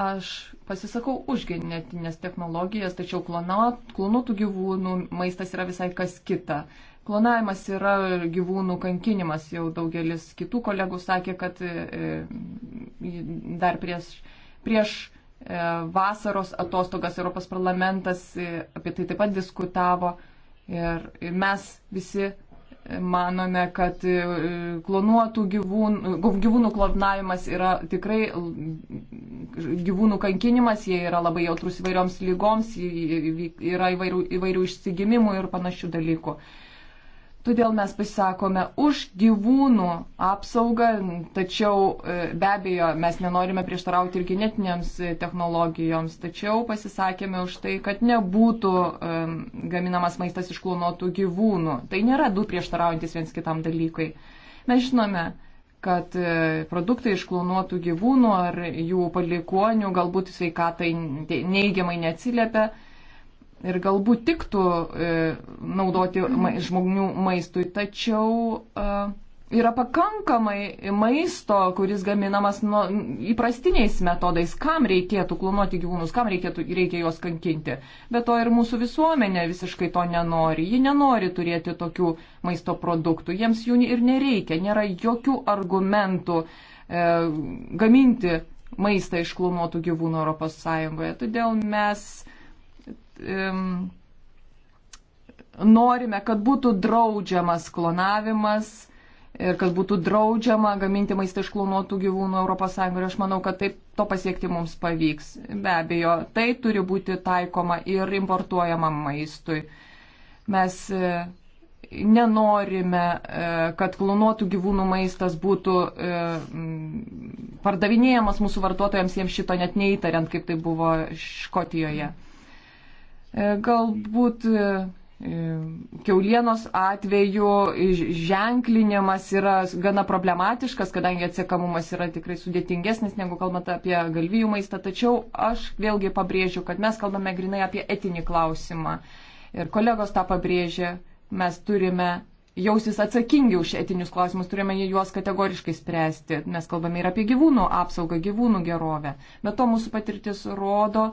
aš pasisakau už genetinės technologijas, tačiau klonuotų gyvūnų maistas yra visai kas kita. Klonavimas yra gyvūnų kankinimas, jau daugelis kitų kolegų sakė, kad e, e, dar prieš, prieš e, vasaros atostogas Europos parlamentas apie tai taip pat diskutavo ir mes visi manome, kad e, klonuotų gyvūnų, gyvūnų klonavimas yra tikrai mm, gyvūnų kankinimas, jie yra labai jautrus įvairioms lygoms, yra įvairių, įvairių išsigimimų ir panašių dalykų. Todėl mes pasisakome už gyvūnų apsaugą, tačiau e, be abejo mes nenorime prieštarauti ir genetinėms e, technologijoms, tačiau pasisakėme už tai, kad nebūtų um, gaminamas maistas iš klonuotų gyvūnų. Tai nėra du prieštaraujantis viens kitam dalykai. Mes žinome, kad produktai iš klonuotų gyvūnų ar jų palikonių galbūt sveikatai neigiamai neatsiliepia ir galbūt tiktų e, naudoti žmonių maistui, tačiau e, yra pakankamai maisto, kuris gaminamas nu, įprastiniais metodais, kam reikėtų klonuoti gyvūnus, kam reikėtų, reikia juos kankinti. Bet to ir mūsų visuomenė visiškai to nenori. Ji nenori turėti tokių maisto produktų, jiems jų ir nereikia, nėra jokių argumentų e, gaminti maistą iš klonuotų gyvūnų ES. Todėl mes um, norime, kad būtų draudžiamas klonavimas ir kad būtų draudžiama gaminti maistą iš klonuotų gyvūnų ES. Ir aš manau, kad taip to pasiekti mums pavyks. Be abejo, tai turi būti taikoma ir importuojamam maistui. Mes e, nenorime, e, kad klonuotų gyvūnų maistas būtų e, pardavinėjamas mūsų vartotojams, jiems šito net neįtariant, kaip tai buvo Škotijoje. Mm. E, galbūt e, e, kiaulienos atveju ženklinimas yra gana problematiškas, kadangi atsiekamumas yra tikrai sudėtingesnis negu kalbant apie galvijų maistą. Tačiau aš vėlgi pabrėžiu, kad mes kalbame grinai apie etinį klausimą. Ir kolegos tą pabrėžė, mes turime jausis atsakingi už etinius klausimus, turime juos kategoriškai spręsti. Mes kalbame ir apie gyvūnų apsaugą, gyvūnų gerovę. Bet to mūsų patirtis rodo,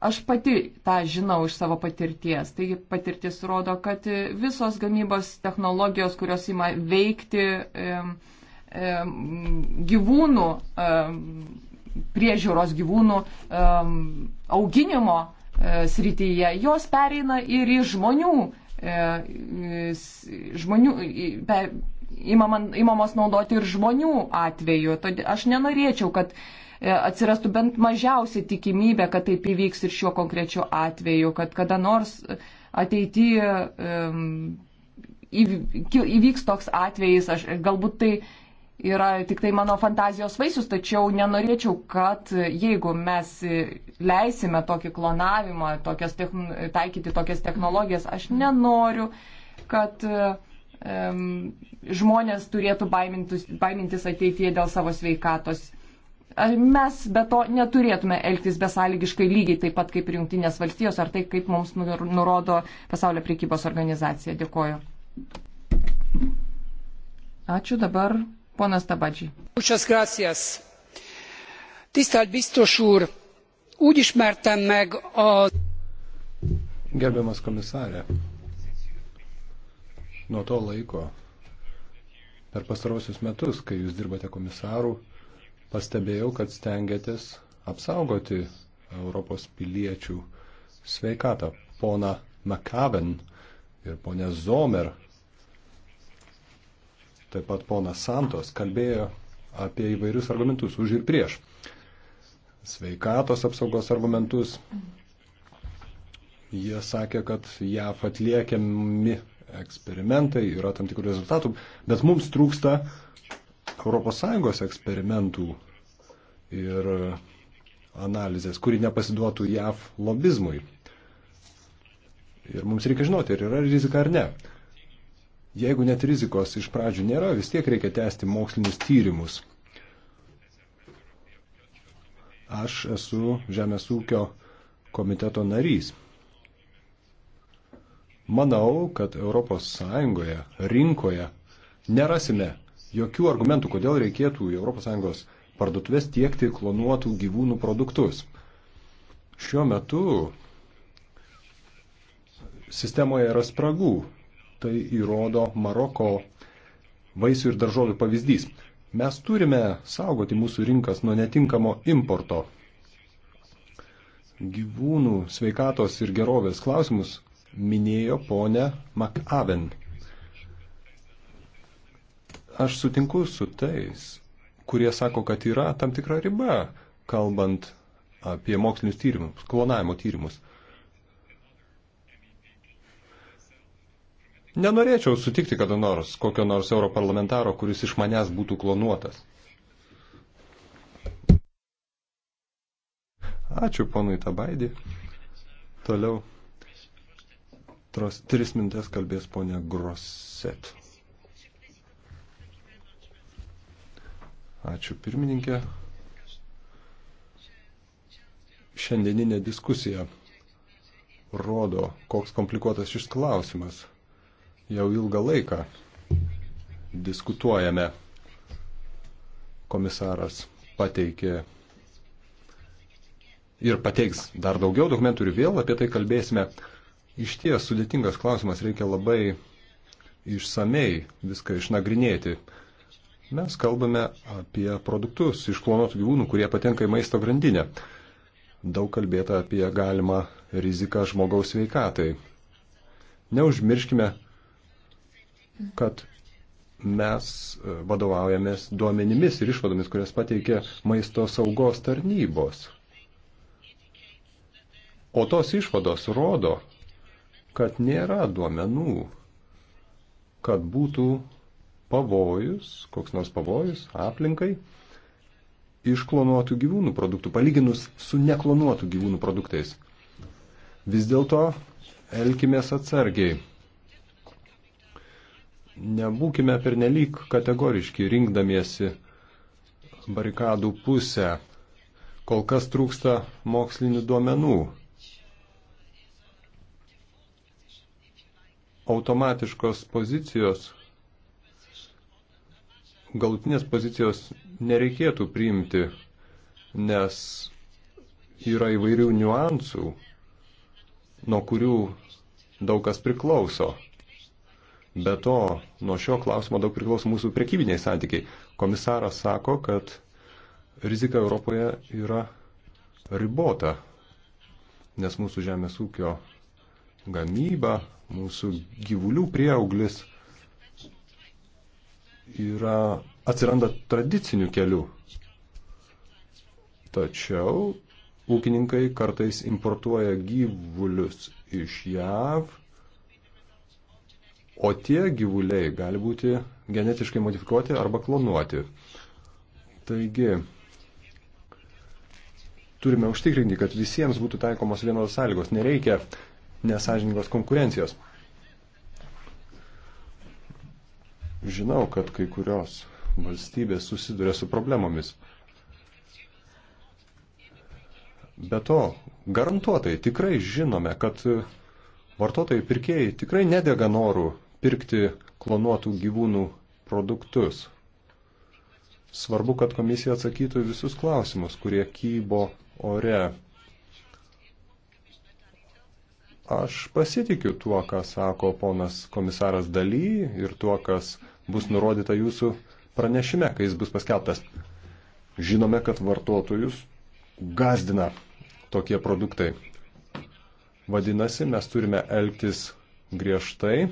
Aš pati tą žinau iš savo patirties. Taigi patirtis rodo, kad visos gamybos technologijos, kurios ima veikti e, e, gyvūnų, e, priežiūros gyvūnų e, auginimo e, srityje, jos pereina ir į žmonių, e, žmonių pe, imaman, imamos naudoti ir žmonių atveju. Todėl aš nenorėčiau, kad e, E, atsirastų bent mažiausia tikimybė, kad taip įvyks ir šiuo konkrečiu atveju, kad kada nors ateityje um, įvyks toks atvejis, aš galbūt tai yra tik tai mano fantazijos vaisius, tačiau nenorėčiau, kad jeigu mes leisime tokį klonavimą, tokias techn... taikyti tokias technologijas, aš nenoriu, kad um, žmonės turėtų baimintis ateityje dėl savo sveikatos mes be to neturėtume elgtis besąlygiškai lygiai taip pat kaip ir Junktinės valstijos, ar tai kaip mums nu, nurodo Pasaulio priekybos organizacija. Dėkoju. Ačiū dabar, ponas Tabadžiai. Muchas gracias. Tisztelt biztos úr, úgy ismertem meg a... Gerbiamas komisarė, nuo to laiko, per pastarosius metus, kai jūs dirbate komisarų, Pastebėjau, kad stengiatės apsaugoti Europos piliečių sveikatą. Pona McCaven ir ponė Zomer, taip pat pona Santos kalbėjo apie įvairius argumentus už ir prieš. Sveikatos apsaugos argumentus. Jie sakė, kad JAF atliekiami eksperimentai, yra tam tikrų rezultatų, bet mums trūksta ES eksperimentų ir analizės, kuri nepasiduotų JAV lobizmui. Ir mums reikia žinoti, ar yra rizika ar ne. Jeigu net rizikos iš pradžių nėra, vis tiek reikia tęsti mokslinius tyrimus. Aš esu Žemės ūkio komiteto narys. Manau, kad ES rinkoje nerasime jokių argumentų, kodėl reikėtų į ES parduotuvės tiekti klonuotų gyvūnų produktus. Šiuo metu sistemoje yra spragų. Tai įrodo Maroko vaisių ir daržovių pavyzdys. Mes turime saugoti mūsų rinkas nuo netinkamo importo. Gyvūnų sveikatos ir gerovės klausimus minėjo ponė McAven. Aš sutinku su tais, kurie sako, kad yra tam tikra riba, kalbant apie mokslinius tyrimus, klonavimo tyrimus. Nenorėčiau sutikti kada nors kokio nors europarlamentaro, kuris iš manęs būtų klonuotas. Ačiū ponui Tabaidį. Toliau tris mintes kalbės ponė Grosset. Ačiū pirmininkė. Šiandieninė diskusija rodo, koks komplikuotas šis klausimas. Jau ilgą laiką diskutuojame. Komisaras pateikė ir pateiks dar daugiau dokumentų ir vėl apie tai kalbėsime. Iš ties sudėtingas klausimas, reikia labai išsamei viską išnagrinėti. Mes kalbame apie produktus iš klonotų gyvūnų, kurie patenka į maisto grandinę. Daug kalbėta apie galimą riziką žmogaus veikatai. Neužmirškime, kad mes e, vadovaujamės duomenimis ir išvadomis, kurias pateikė maisto saugos tarnybos. O tos išvados rodo, kad nėra duomenų, kad būtų pavojus, koks nors pavojus aplinkai iš klonuotų gyvūnų produktų, palyginus su neklonuotų gyvūnų produktais. Vis dėlto elkimės atsargiai. Nebūkime pernelyg kategoriški rinkdamiesi barikadų pusę. Kol kas trūksta mokslinių duomenų. Automatiškos pozicijos galutinės pozicijos nereikėtų priimti, nes yra įvairių niuansų, nuo kurių daug kas priklauso. Be to, nuo šio klausimo daug priklauso mūsų prekybiniai santykiai. Komisaras sako, kad rizika Europoje yra ribota, nes mūsų žemės ūkio gamyba, mūsų gyvulių prieauglis – yra, atsiranda tradicinių kelių. Tačiau ūkininkai kartais importuoja gyvulius iš JAV, o tie gyvuliai gali būti genetiškai modifikuoti arba klonuoti. Taigi, turime užtikrinti, kad visiems būtų taikomos vienodos sąlygos. Nereikia nesažiningos konkurencijos. Žinau, kad kai kurios valstybės susiduria su problemomis. Be to, garantuotai tikrai žinome, kad vartotojai pirkėjai tikrai nedega norų pirkti klonuotų gyvūnų produktus. Svarbu, kad komisija atsakytų visus klausimus, kurie kybo ore. Aš pasitikiu tuo, ką sako ponas komisaras Daly ir tuo, kas uh, bus nurodyta jūsų pranešime, kai jis bus paskelbtas. Žinome, kad vartotojus gazdina tokie produktai. Vadinasi, mes turime elgtis griežtai,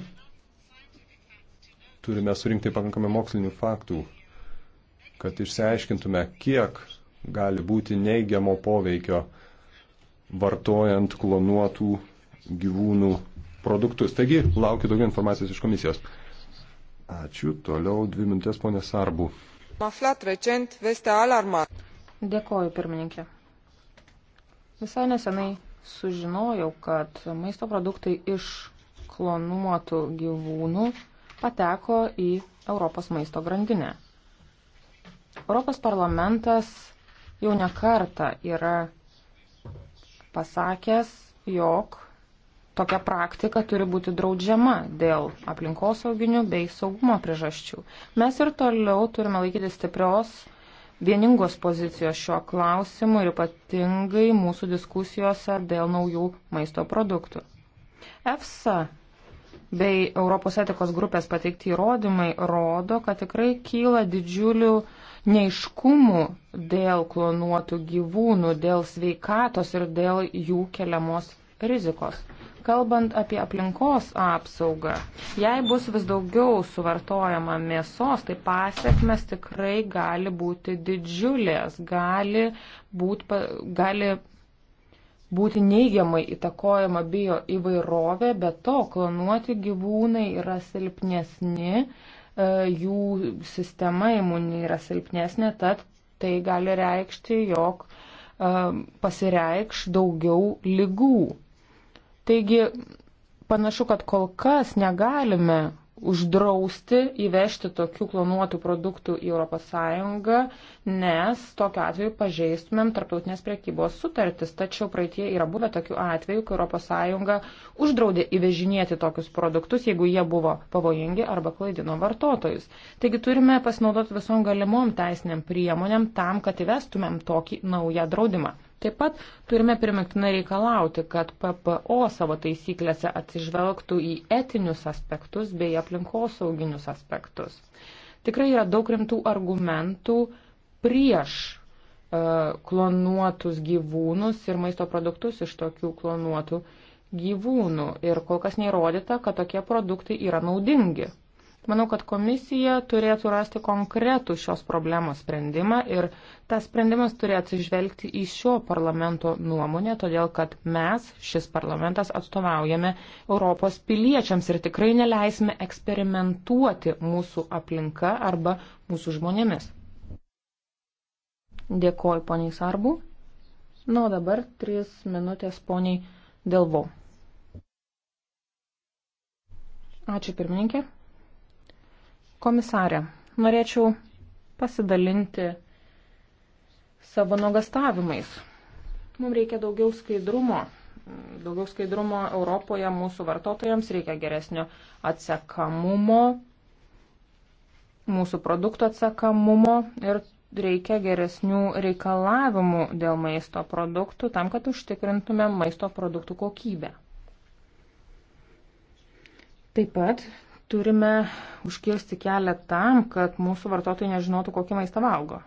turime surinkti pakankamai mokslinių faktų, kad išsiaiškintume, kiek gali būti neigiamo poveikio vartojant klonuotų gyvūnų produktus. Taigi, laukiu daugiau informacijos iš komisijos. Ačiū. Toliau dvi minutės, ponė Sarbu. Dėkoju, pirmininkė. Visai nesenai sužinojau, kad maisto produktai iš klonuotų gyvūnų pateko į Europos maisto grandinę. Europos parlamentas jau nekarta yra pasakęs, jog tokia praktika turi būti draudžiama dėl aplinkosauginių bei saugumo priežasčių. Mes ir toliau turime laikyti stiprios vieningos pozicijos šiuo klausimu ir ypatingai mūsų diskusijose dėl naujų maisto produktų. EFSA bei Europos etikos grupės pateikti įrodymai rodo, kad tikrai kyla didžiulių neiškumų dėl klonuotų gyvūnų, dėl sveikatos ir dėl jų keliamos rizikos kalbant apie aplinkos apsaugą, jei bus vis daugiau suvartojama mėsos, tai pasiekmes tikrai gali būti didžiulės, gali, būt, gali būti neigiamai įtakojama bio įvairovė, bet to klonuoti gyvūnai yra silpnesni, e, jų sistema imuninė yra silpnesnė, tad tai gali reikšti, jog e, pasireikš daugiau lygų. Taigi panašu, kad kol kas negalime uždrausti įvežti tokių klonuotų produktų į ES, nes tokiu atveju pažeistumėm tarptautinės priekybos sutartis. Tačiau praeitie yra buvę tokių atvejų, kai ES uždraudė įvežinėti tokius produktus, jeigu jie buvo pavojingi arba klaidino vartotojus. Taigi turime pasinaudoti visom galimom teisiniam priemonėm tam, kad įvestumėm tokį naują draudimą. Taip pat turime primiktinai reikalauti, kad PPO savo taisyklėse atsižvelgtų į etinius aspektus bei aplinkosauginius aspektus. Tikrai yra daug rimtų argumentų prieš e, klonuotus gyvūnus ir maisto produktus iš tokių klonuotų gyvūnų. Ir kol kas neįrodyta, kad tokie produktai yra naudingi. Manau, kad komisija turėtų rasti konkretų šios problemos sprendimą ir tas sprendimas turi atsižvelgti į šio parlamento nuomonę, todėl kad mes, šis parlamentas, atstovaujame Europos piliečiams ir tikrai neleisime eksperimentuoti mūsų aplinka arba mūsų žmonėmis. Dėkoju poniai Sarbu. Na, o dabar tris minutės poniai Delvo. Ačiū pirmininkė. Komisarė, norėčiau pasidalinti savo nuogastavimais. Mums reikia daugiau skaidrumo. Daugiau skaidrumo Europoje mūsų vartotojams reikia geresnio atsekamumo, mūsų produkto atsekamumo ir reikia geresnių reikalavimų dėl maisto produktų tam, kad užtikrintume maisto produktų kokybę. Taip pat turime užkirsti kelią tam, kad mūsų vartotojai nežinotų, kokį maistą valgo.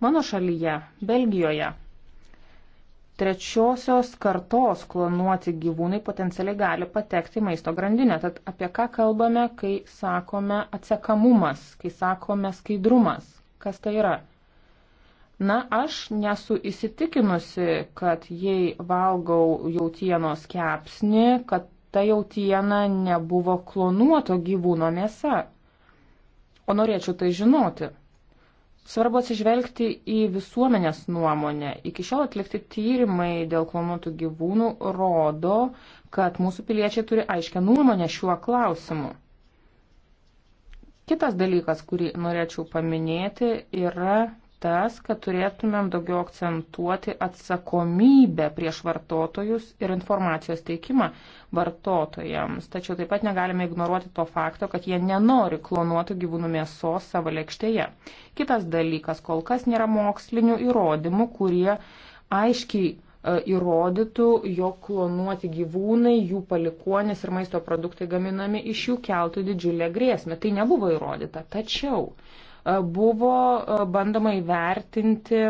Mano šalyje, Belgijoje, trečiosios kartos klonuoti gyvūnai potencialiai gali patekti į maisto grandinę. Tad apie ką kalbame, kai sakome atsekamumas, kai sakome skaidrumas, kas tai yra? Na, aš nesu įsitikinusi, kad jei valgau jautienos kepsnį, kad ta jautiena nebuvo klonuoto gyvūno mėsa. O norėčiau tai žinoti. Svarbu atsižvelgti į visuomenės nuomonę. Iki šiol atlikti tyrimai dėl klonuotų gyvūnų rodo, kad mūsų piliečiai turi aiškę nuomonę šiuo klausimu. Kitas dalykas, kurį norėčiau paminėti, yra tas, kad turėtumėm daugiau akcentuoti atsakomybę prieš vartotojus ir informacijos teikimą vartotojams. Tačiau taip pat negalime ignoruoti to fakto, kad jie nenori klonuotų gyvūnų mėsos savo lėkštėje. Kitas dalykas, kol kas nėra mokslinių įrodymų, kurie aiškiai e, įrodytų, jog klonuoti gyvūnai, jų palikonis ir maisto produktai gaminami iš jų keltų didžiulę grėsmę. Tai nebuvo įrodyta. Tačiau buvo bandoma įvertinti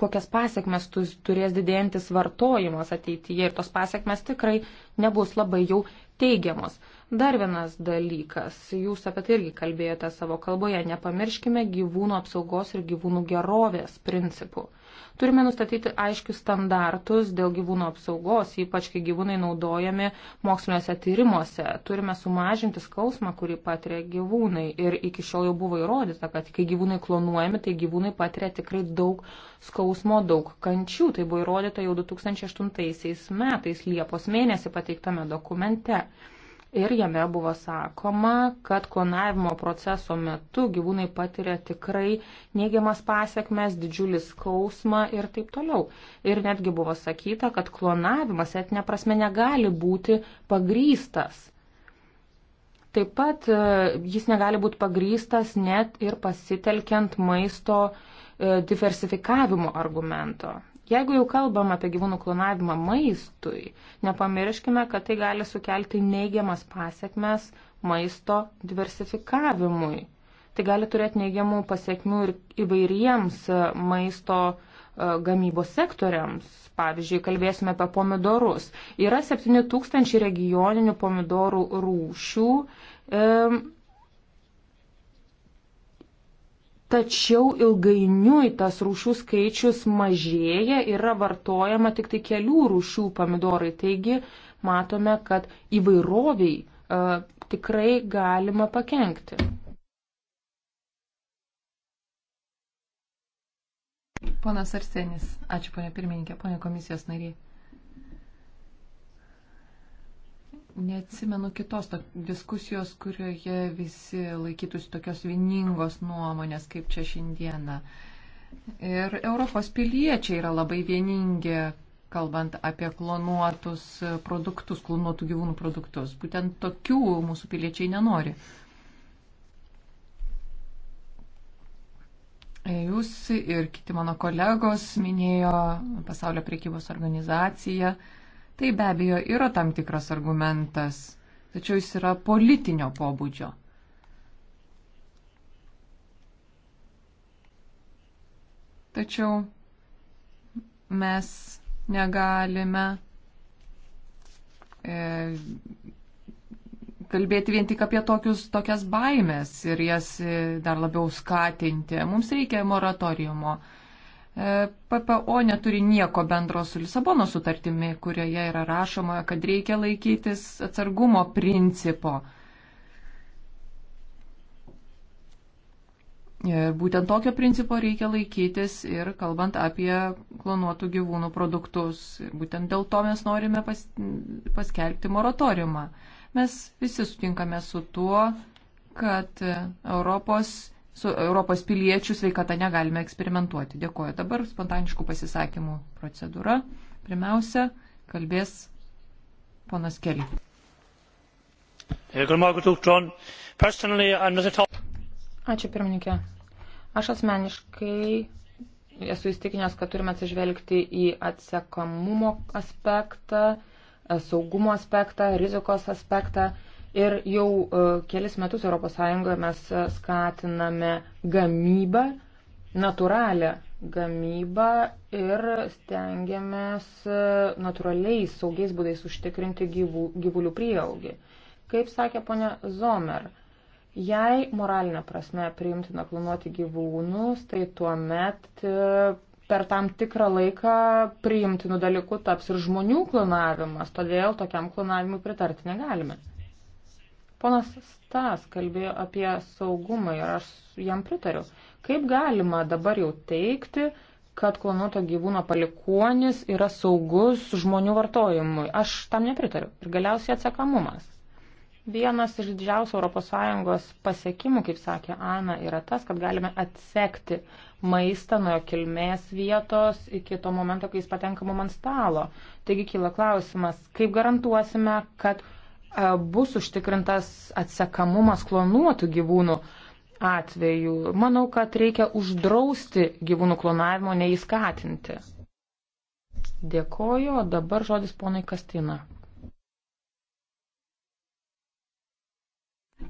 kokias pasiekmes turės didėjantis vartojimas ateityje ir tos pasiekmes tikrai nebus labai jau teigiamos. Dar vienas dalykas, jūs apie tai irgi kalbėjote savo kalboje, nepamirškime gyvūnų apsaugos ir gyvūnų gerovės principų. Turime nustatyti aiškius standartus dėl gyvūnų apsaugos, ypač kai gyvūnai naudojami moksliniuose tyrimuose. Turime sumažinti skausmą, kurį patiria gyvūnai. Ir iki šiol jau buvo įrodyta, kad kai gyvūnai klonuojami, tai gyvūnai patiria tikrai daug skausmo, daug kančių. Tai buvo įrodyta jau 2008 metais, Liepos mėnesį, pateiktame dokumente. Ir jame buvo sakoma, kad klonavimo proceso metu gyvūnai patiria tikrai neigiamas pasiekmes, didžiulį skausmą ir taip toliau. Ir netgi buvo sakyta, kad klonavimas etinė prasme negali būti pagrystas. Taip pat e, jis negali būti pagrystas net ir pasitelkiant maisto e, diversifikavimo argumento. Jeigu jau kalbam apie gyvūnų klonavimą maistui, nepamirškime, kad tai gali sukelti neigiamas pasiekmes maisto diversifikavimui. Tai gali turėti neigiamų pasiekmių ir įvairiems e, maisto e, gamybos sektoriams. Pavyzdžiui, kalbėsime apie pomidorus. Yra 7000 regioninių pomidorų rūšių. E, tačiau ilgainiui tas rūšių skaičius mažėja ir yra vartojama tik tai kelių rūšių pomidorai. Taigi matome, kad įvairoviai uh, tikrai galima pakengti. Ponas Arsenis, ačiū ponia pirmininkė, ponia komisijos nariai. Neatsimenu kitos to, diskusijos, kurioje visi laikytųsi tokios vieningos nuomonės, kaip čia šiandieną. Ir Europos piliečiai yra labai vieningi, kalbant apie klonuotus produktus, klonuotų gyvūnų produktus. Būtent tokių mūsų piliečiai nenori. Jūs ir kiti mano kolegos minėjo pasaulio priekybos organizaciją. Tai be abejo yra tam tikras argumentas, tačiau jis yra politinio pobūdžio. Tačiau mes negalime e, kalbėti vien tik apie tokius, tokias baimės ir jas e, dar labiau skatinti. Mums reikia moratoriumo. E, PPO neturi nieko bendro su Lisabono sutartimi, kurioje yra rašoma, kad reikia laikytis atsargumo principo. Ir būtent tokio principo reikia laikytis ir kalbant apie klonuotų gyvūnų produktus. Ir būtent dėl to mes norime pas, paskelbti moratoriumą. Mes visi sutinkame su tuo, kad Europos su Europos piliečių sveikata negalime eksperimentuoti. Dėkuoju. Dabar spontaniškų pasisakymų procedūra. Pirmiausia, kalbės ponas Keli. Ačiū pirmininkė. Aš asmeniškai esu įstikinęs, kad turime atsižvelgti į atsekamumo aspektą, saugumo aspektą, rizikos aspektą. Ir jau e, kelis metus ES mes skatiname gamybą, natūralią gamybą ir stengiamės e, natūraliais, saugiais būdais užtikrinti gyvų, gyvulių prieaugį. Kaip sakė ponia Zomer, jei moralinė prasme priimtina klonuoti gyvūnus, tai tuomet e, per tam tikrą laiką priimtinų dalykų taps ir žmonių klonavimas, todėl tokiam klonavimui pritarti negalime. Ponas Stas kalbėjo apie saugumą ir aš jam pritariu. Kaip galima dabar jau teikti, kad klonuoto gyvūno palikuonis yra saugus žmonių vartojimui? Aš tam nepritariu. Ir galiausiai atsakamumas. Vienas iš didžiausių ES pasiekimų, kaip sakė Ana, yra tas, kad galime atsekti maistą nuo jo kilmės vietos iki to momento, kai jis patenka mums ant stalo. Taigi kyla klausimas, kaip garantuosime, kad E, bus užtikrintas atsekamumas klonuotų gyvūnų atveju. Manau, kad reikia uždrausti gyvūnų klonavimo, neįskatinti. Dėkoju, o dabar žodis ponai Kastina.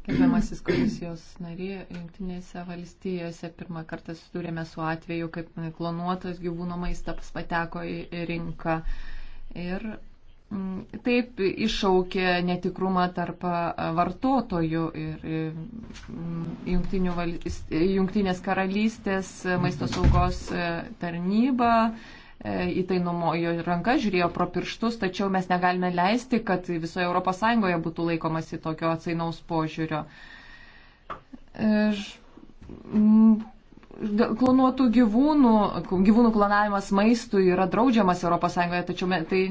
Gerbiamasis komisijos narė, Junktinėse valstijose pirmą kartą susidūrėme su atveju, kaip klonuotas gyvūno maistas pateko į rinką. Ir taip iššaukė netikrumą tarp vartotojų ir valst... Jungtinės karalystės maisto saugos e, tarnyba. E, į tai numojo ranka, žiūrėjo pro pirštus, tačiau mes negalime leisti, kad visoje ES būtų laikomasi tokio atsainaus požiūrio e, klonuotų gyvūnų, gyvūnų klonavimas maistui yra draudžiamas ES, tačiau tai,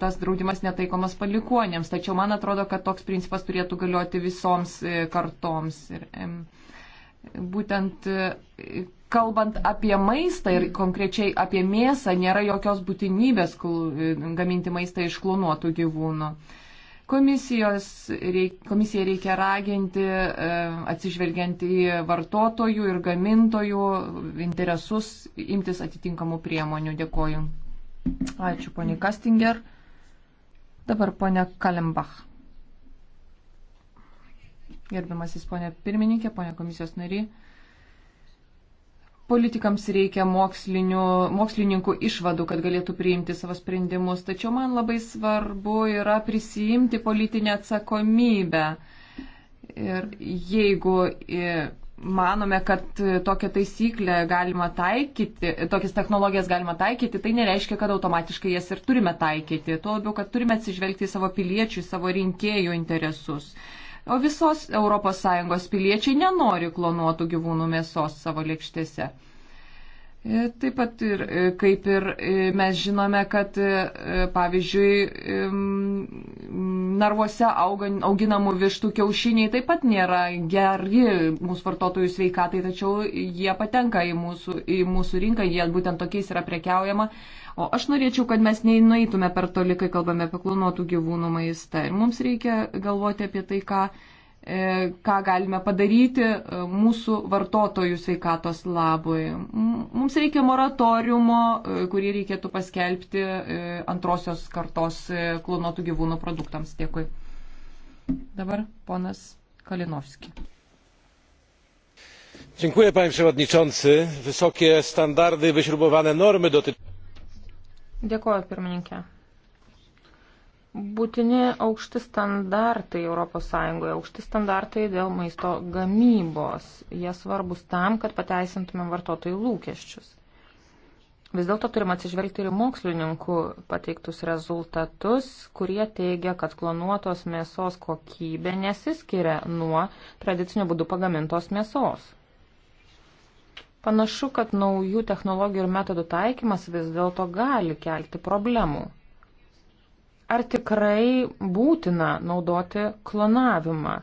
tas draudimas netaikomas palikuonėms. Tačiau man atrodo, kad toks principas turėtų galioti visoms e, kartoms. Ir, būtent e, kalbant apie maistą ir konkrečiai apie mėsą, nėra jokios būtinybės gaminti maistą iš klonuotų gyvūnų. Komisijos, reik, komisija reikia raginti, e, atsižvelgiant į vartotojų ir gamintojų interesus, imtis atitinkamų priemonių. Dėkoju. Ačiū, ponė Kastinger. Dabar ponė Kalembach. Gerbiamasis ponė pirmininkė, ponė komisijos nariai politikams reikia mokslininkų išvadų, kad galėtų priimti savo sprendimus, tačiau man labai svarbu yra prisijimti politinę atsakomybę. Ir jeigu e, manome, kad tokią taisyklę galima taikyti, tokias technologijas galima taikyti, tai nereiškia, kad automatiškai jas ir turime taikyti. Tuo labiau, kad turime atsižvelgti į savo piliečių, į savo rinkėjų interesus o visos ES piliečiai nenori klonuotų gyvūnų mėsos savo lėkštėse. E, taip pat ir e, kaip ir e, mes žinome, kad pavyzdžiui narvuose auginamų vištų kiaušiniai taip pat nėra geri mūsų vartotojų sveikatai, tačiau jie patenka į mūsų, į mūsų rinką, jie būtent tokiais yra prekiaujama. O aš norėčiau, kad mes neįnaitume per toli, kai kalbame apie klonuotų gyvūnų maistą. Ir mums reikia galvoti apie tai, ką E, ką galime padaryti e, mūsų vartotojų sveikatos labui. Mums reikia moratoriumo, e, kurį reikėtų paskelbti antrosios kartos klonuotų gyvūnų produktams. Dėkui. Dabar ponas Kalinowski. Dziękuję panie przewodniczący. Wysokie standardy, wyśrubowane normy dotyczące. Dėkuoju pirmininkė būtini aukšti standartai ES, aukšti standartai dėl maisto gamybos. Jie svarbus tam, kad pateisintumėm vartotojų lūkesčius. Vis dėlto turime atsižvelgti ir mokslininkų pateiktus rezultatus, kurie teigia, kad klonuotos mėsos kokybė nesiskiria nuo tradicinių būdų pagamintos mėsos. Panašu, kad naujų technologijų ir metodų taikymas vis dėlto gali kelti problemų ar tikrai būtina naudoti klonavimą.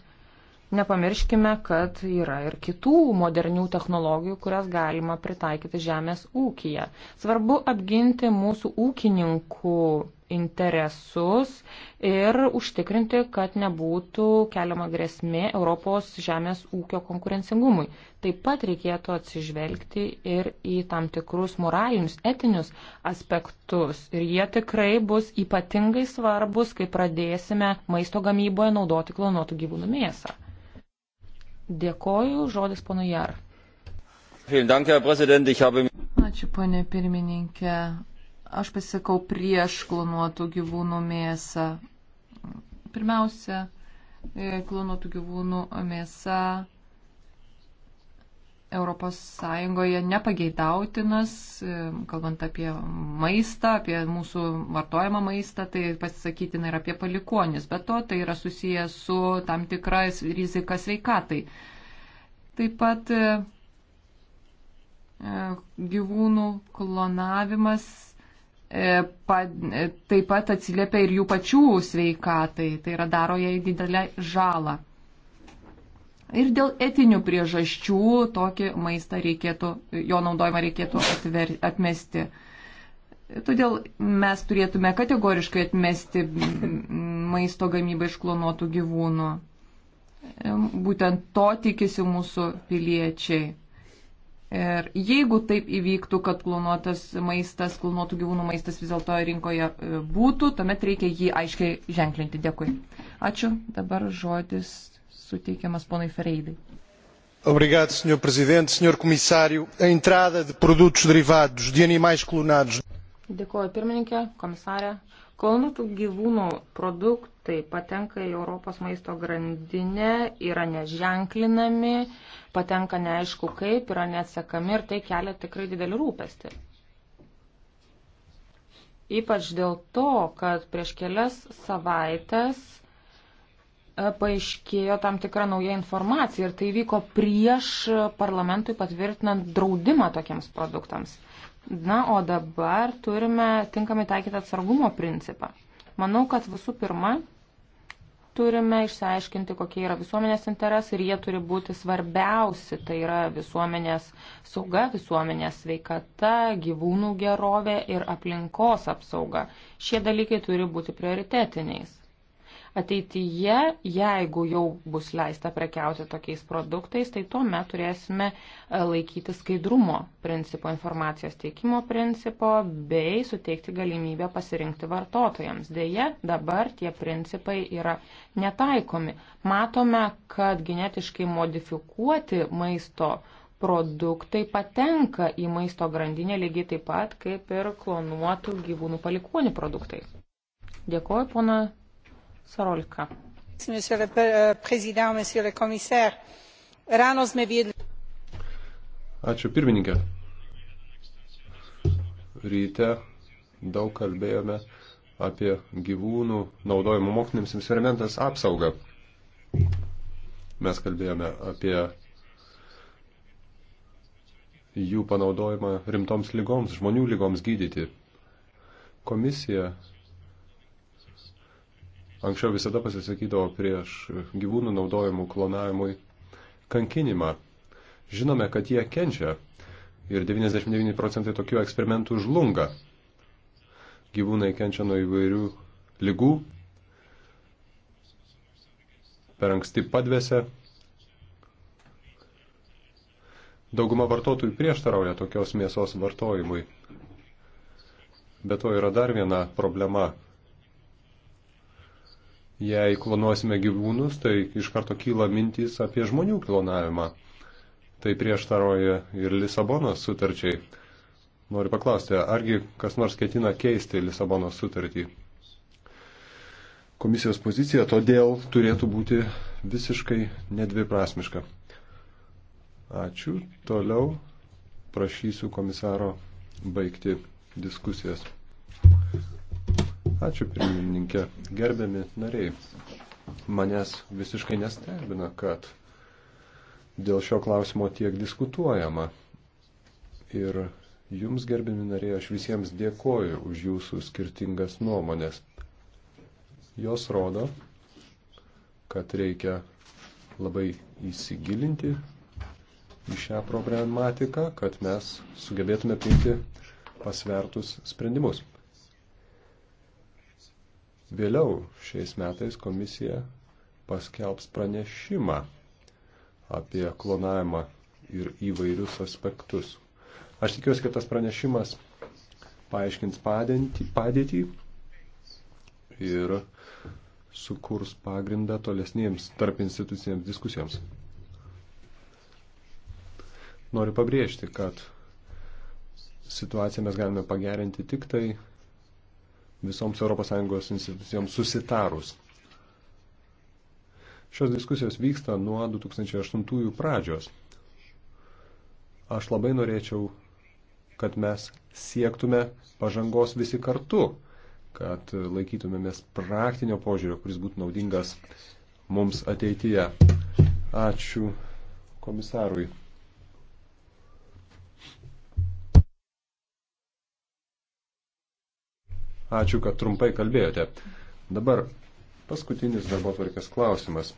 Nepamirškime, kad yra ir kitų modernių technologijų, kurias galima pritaikyti žemės ūkija. Svarbu apginti mūsų ūkininkų interesus ir užtikrinti, kad nebūtų keliama grėsmė Europos žemės ūkio konkurencingumui. Taip pat reikėtų atsižvelgti ir į tam tikrus moralinius, etinius aspektus. Ir jie tikrai bus ypatingai svarbus, kai pradėsime maisto gamyboje naudoti klonuotų gyvūnų mėsą. Dėkoju, žodis pono Jar. Ačiū, ponė pirmininkė Aš pasisakau prieš klonuotų gyvūnų mėsą. Pirmiausia, e, klonuotų gyvūnų mėsa Europos Sąjungoje nepageidautinas, e, kalbant apie maistą, apie mūsų vartojamą maistą, tai pasisakytina ir apie palikonis, bet to tai yra susijęs su tam tikras rizika sveikatai. Taip pat e, gyvūnų klonavimas E, e, taip pat atsiliepia ir jų pačių sveikatai, tai yra daro jai didelę žalą. Ir dėl etinių priežasčių tokį maistą reikėtų, jo naudojimą reikėtų atver, atmesti. Todėl mes turėtume kategoriškai atmesti maisto gamybą iš klonuotų gyvūnų. Būtent to tikisi mūsų piliečiai. Ir jeigu taip įvyktų, kad klonuotas maistas, klonuotų gyvūnų maistas vis dėlto rinkoje e, būtų, tuomet reikia jį aiškiai ženklinti. Dėkui. Ačiū. Dabar žodis suteikiamas ponai Fereidai. Obrigado, Sr. Presidente, Sr. Comissário. A entrada de produtos derivados de animais clonados. Dėkuoju, pirmininkė, komisarė. Klonuotų gyvūnų produktai patenka į Europos maisto grandinę, yra neženklinami, patenka neaišku kaip, yra neatsekami ir tai kelia tikrai didelį rūpestį. Ypač dėl to, kad prieš kelias savaitės paaiškėjo tam tikra nauja informacija ir tai vyko prieš parlamentui patvirtinant draudimą tokiems produktams. Na, o dabar turime tinkamai taikyti atsargumo principą. Manau, kad visų pirma turime išsiaiškinti, kokie yra visuomenės interesai ir jie turi būti svarbiausi. Tai yra visuomenės sauga, visuomenės sveikata, gyvūnų gerovė ir aplinkos apsauga. Šie dalykai turi būti prioritetiniais ateityje, jeigu jau bus leista prekiauti tokiais produktais, tai tuomet turėsime e, laikyti skaidrumo principo, informacijos teikimo principo bei suteikti galimybę pasirinkti vartotojams. Deja, dabar tie principai yra netaikomi. Matome, kad genetiškai modifikuoti maisto produktai patenka į maisto grandinę lygiai taip pat kaip ir klonuotų gyvūnų palikonių produktai. Dėkuoju, pona Sorolka. Euh, Ačiū pirmininkė. Ryte daug kalbėjome apie gyvūnų naudojimo moksliniams eksperimentams apsaugą. Mes kalbėjome apie jų panaudojimą rimtoms lygoms, žmonių lygoms gydyti. Komisija anksčiau visada pasisakydavo prieš gyvūnų naudojimų klonavimui kankinimą. Žinome, kad jie kenčia ir 99 procentai tokių eksperimentų žlunga. Gyvūnai kenčia nuo įvairių lygų, per anksti padvėse. Dauguma vartotojų prieštarauja tokios mėsos vartojimui. Be to yra dar viena problema Jei klonuosime gyvūnus, tai iš karto kyla mintys apie žmonių klonavimą. Tai prieštaroja ir Lisabonos sutarčiai. Noriu paklausti, argi kas nors ketina keisti Lisabonos sutartį? Komisijos pozicija todėl turėtų būti visiškai nedviprasmiška. Ačiū. Toliau prašysiu komisaro baigti diskusijas. Ačiū pirmininkė, gerbiami nariai. Manęs visiškai nestebina, kad dėl šio klausimo tiek diskutuojama. Ir jums, gerbiami nariai, aš visiems dėkoju už jūsų skirtingas nuomonės. Jos rodo, kad reikia labai įsigilinti į šią problematiką, kad mes sugebėtume priimti pasvertus sprendimus. Vėliau šiais metais komisija paskelbs pranešimą apie klonavimą ir įvairius aspektus. Aš tikiuosi, kad tas pranešimas paaiškins padėtį, padėtį ir sukurs pagrindą tolesniems tarp institucinėms diskusijoms. Noriu pabrėžti, kad situaciją mes galime pagerinti tik tai visoms ES institucijoms susitarus. Šios diskusijos vyksta nuo 2008 pradžios. Aš labai norėčiau, kad mes siektume pažangos visi kartu, kad laikytumėmės praktinio požiūrio, kuris būtų naudingas mums ateityje. Ačiū komisarui. Ačiū, kad trumpai kalbėjote. Dabar paskutinis darbo tvarkės klausimas.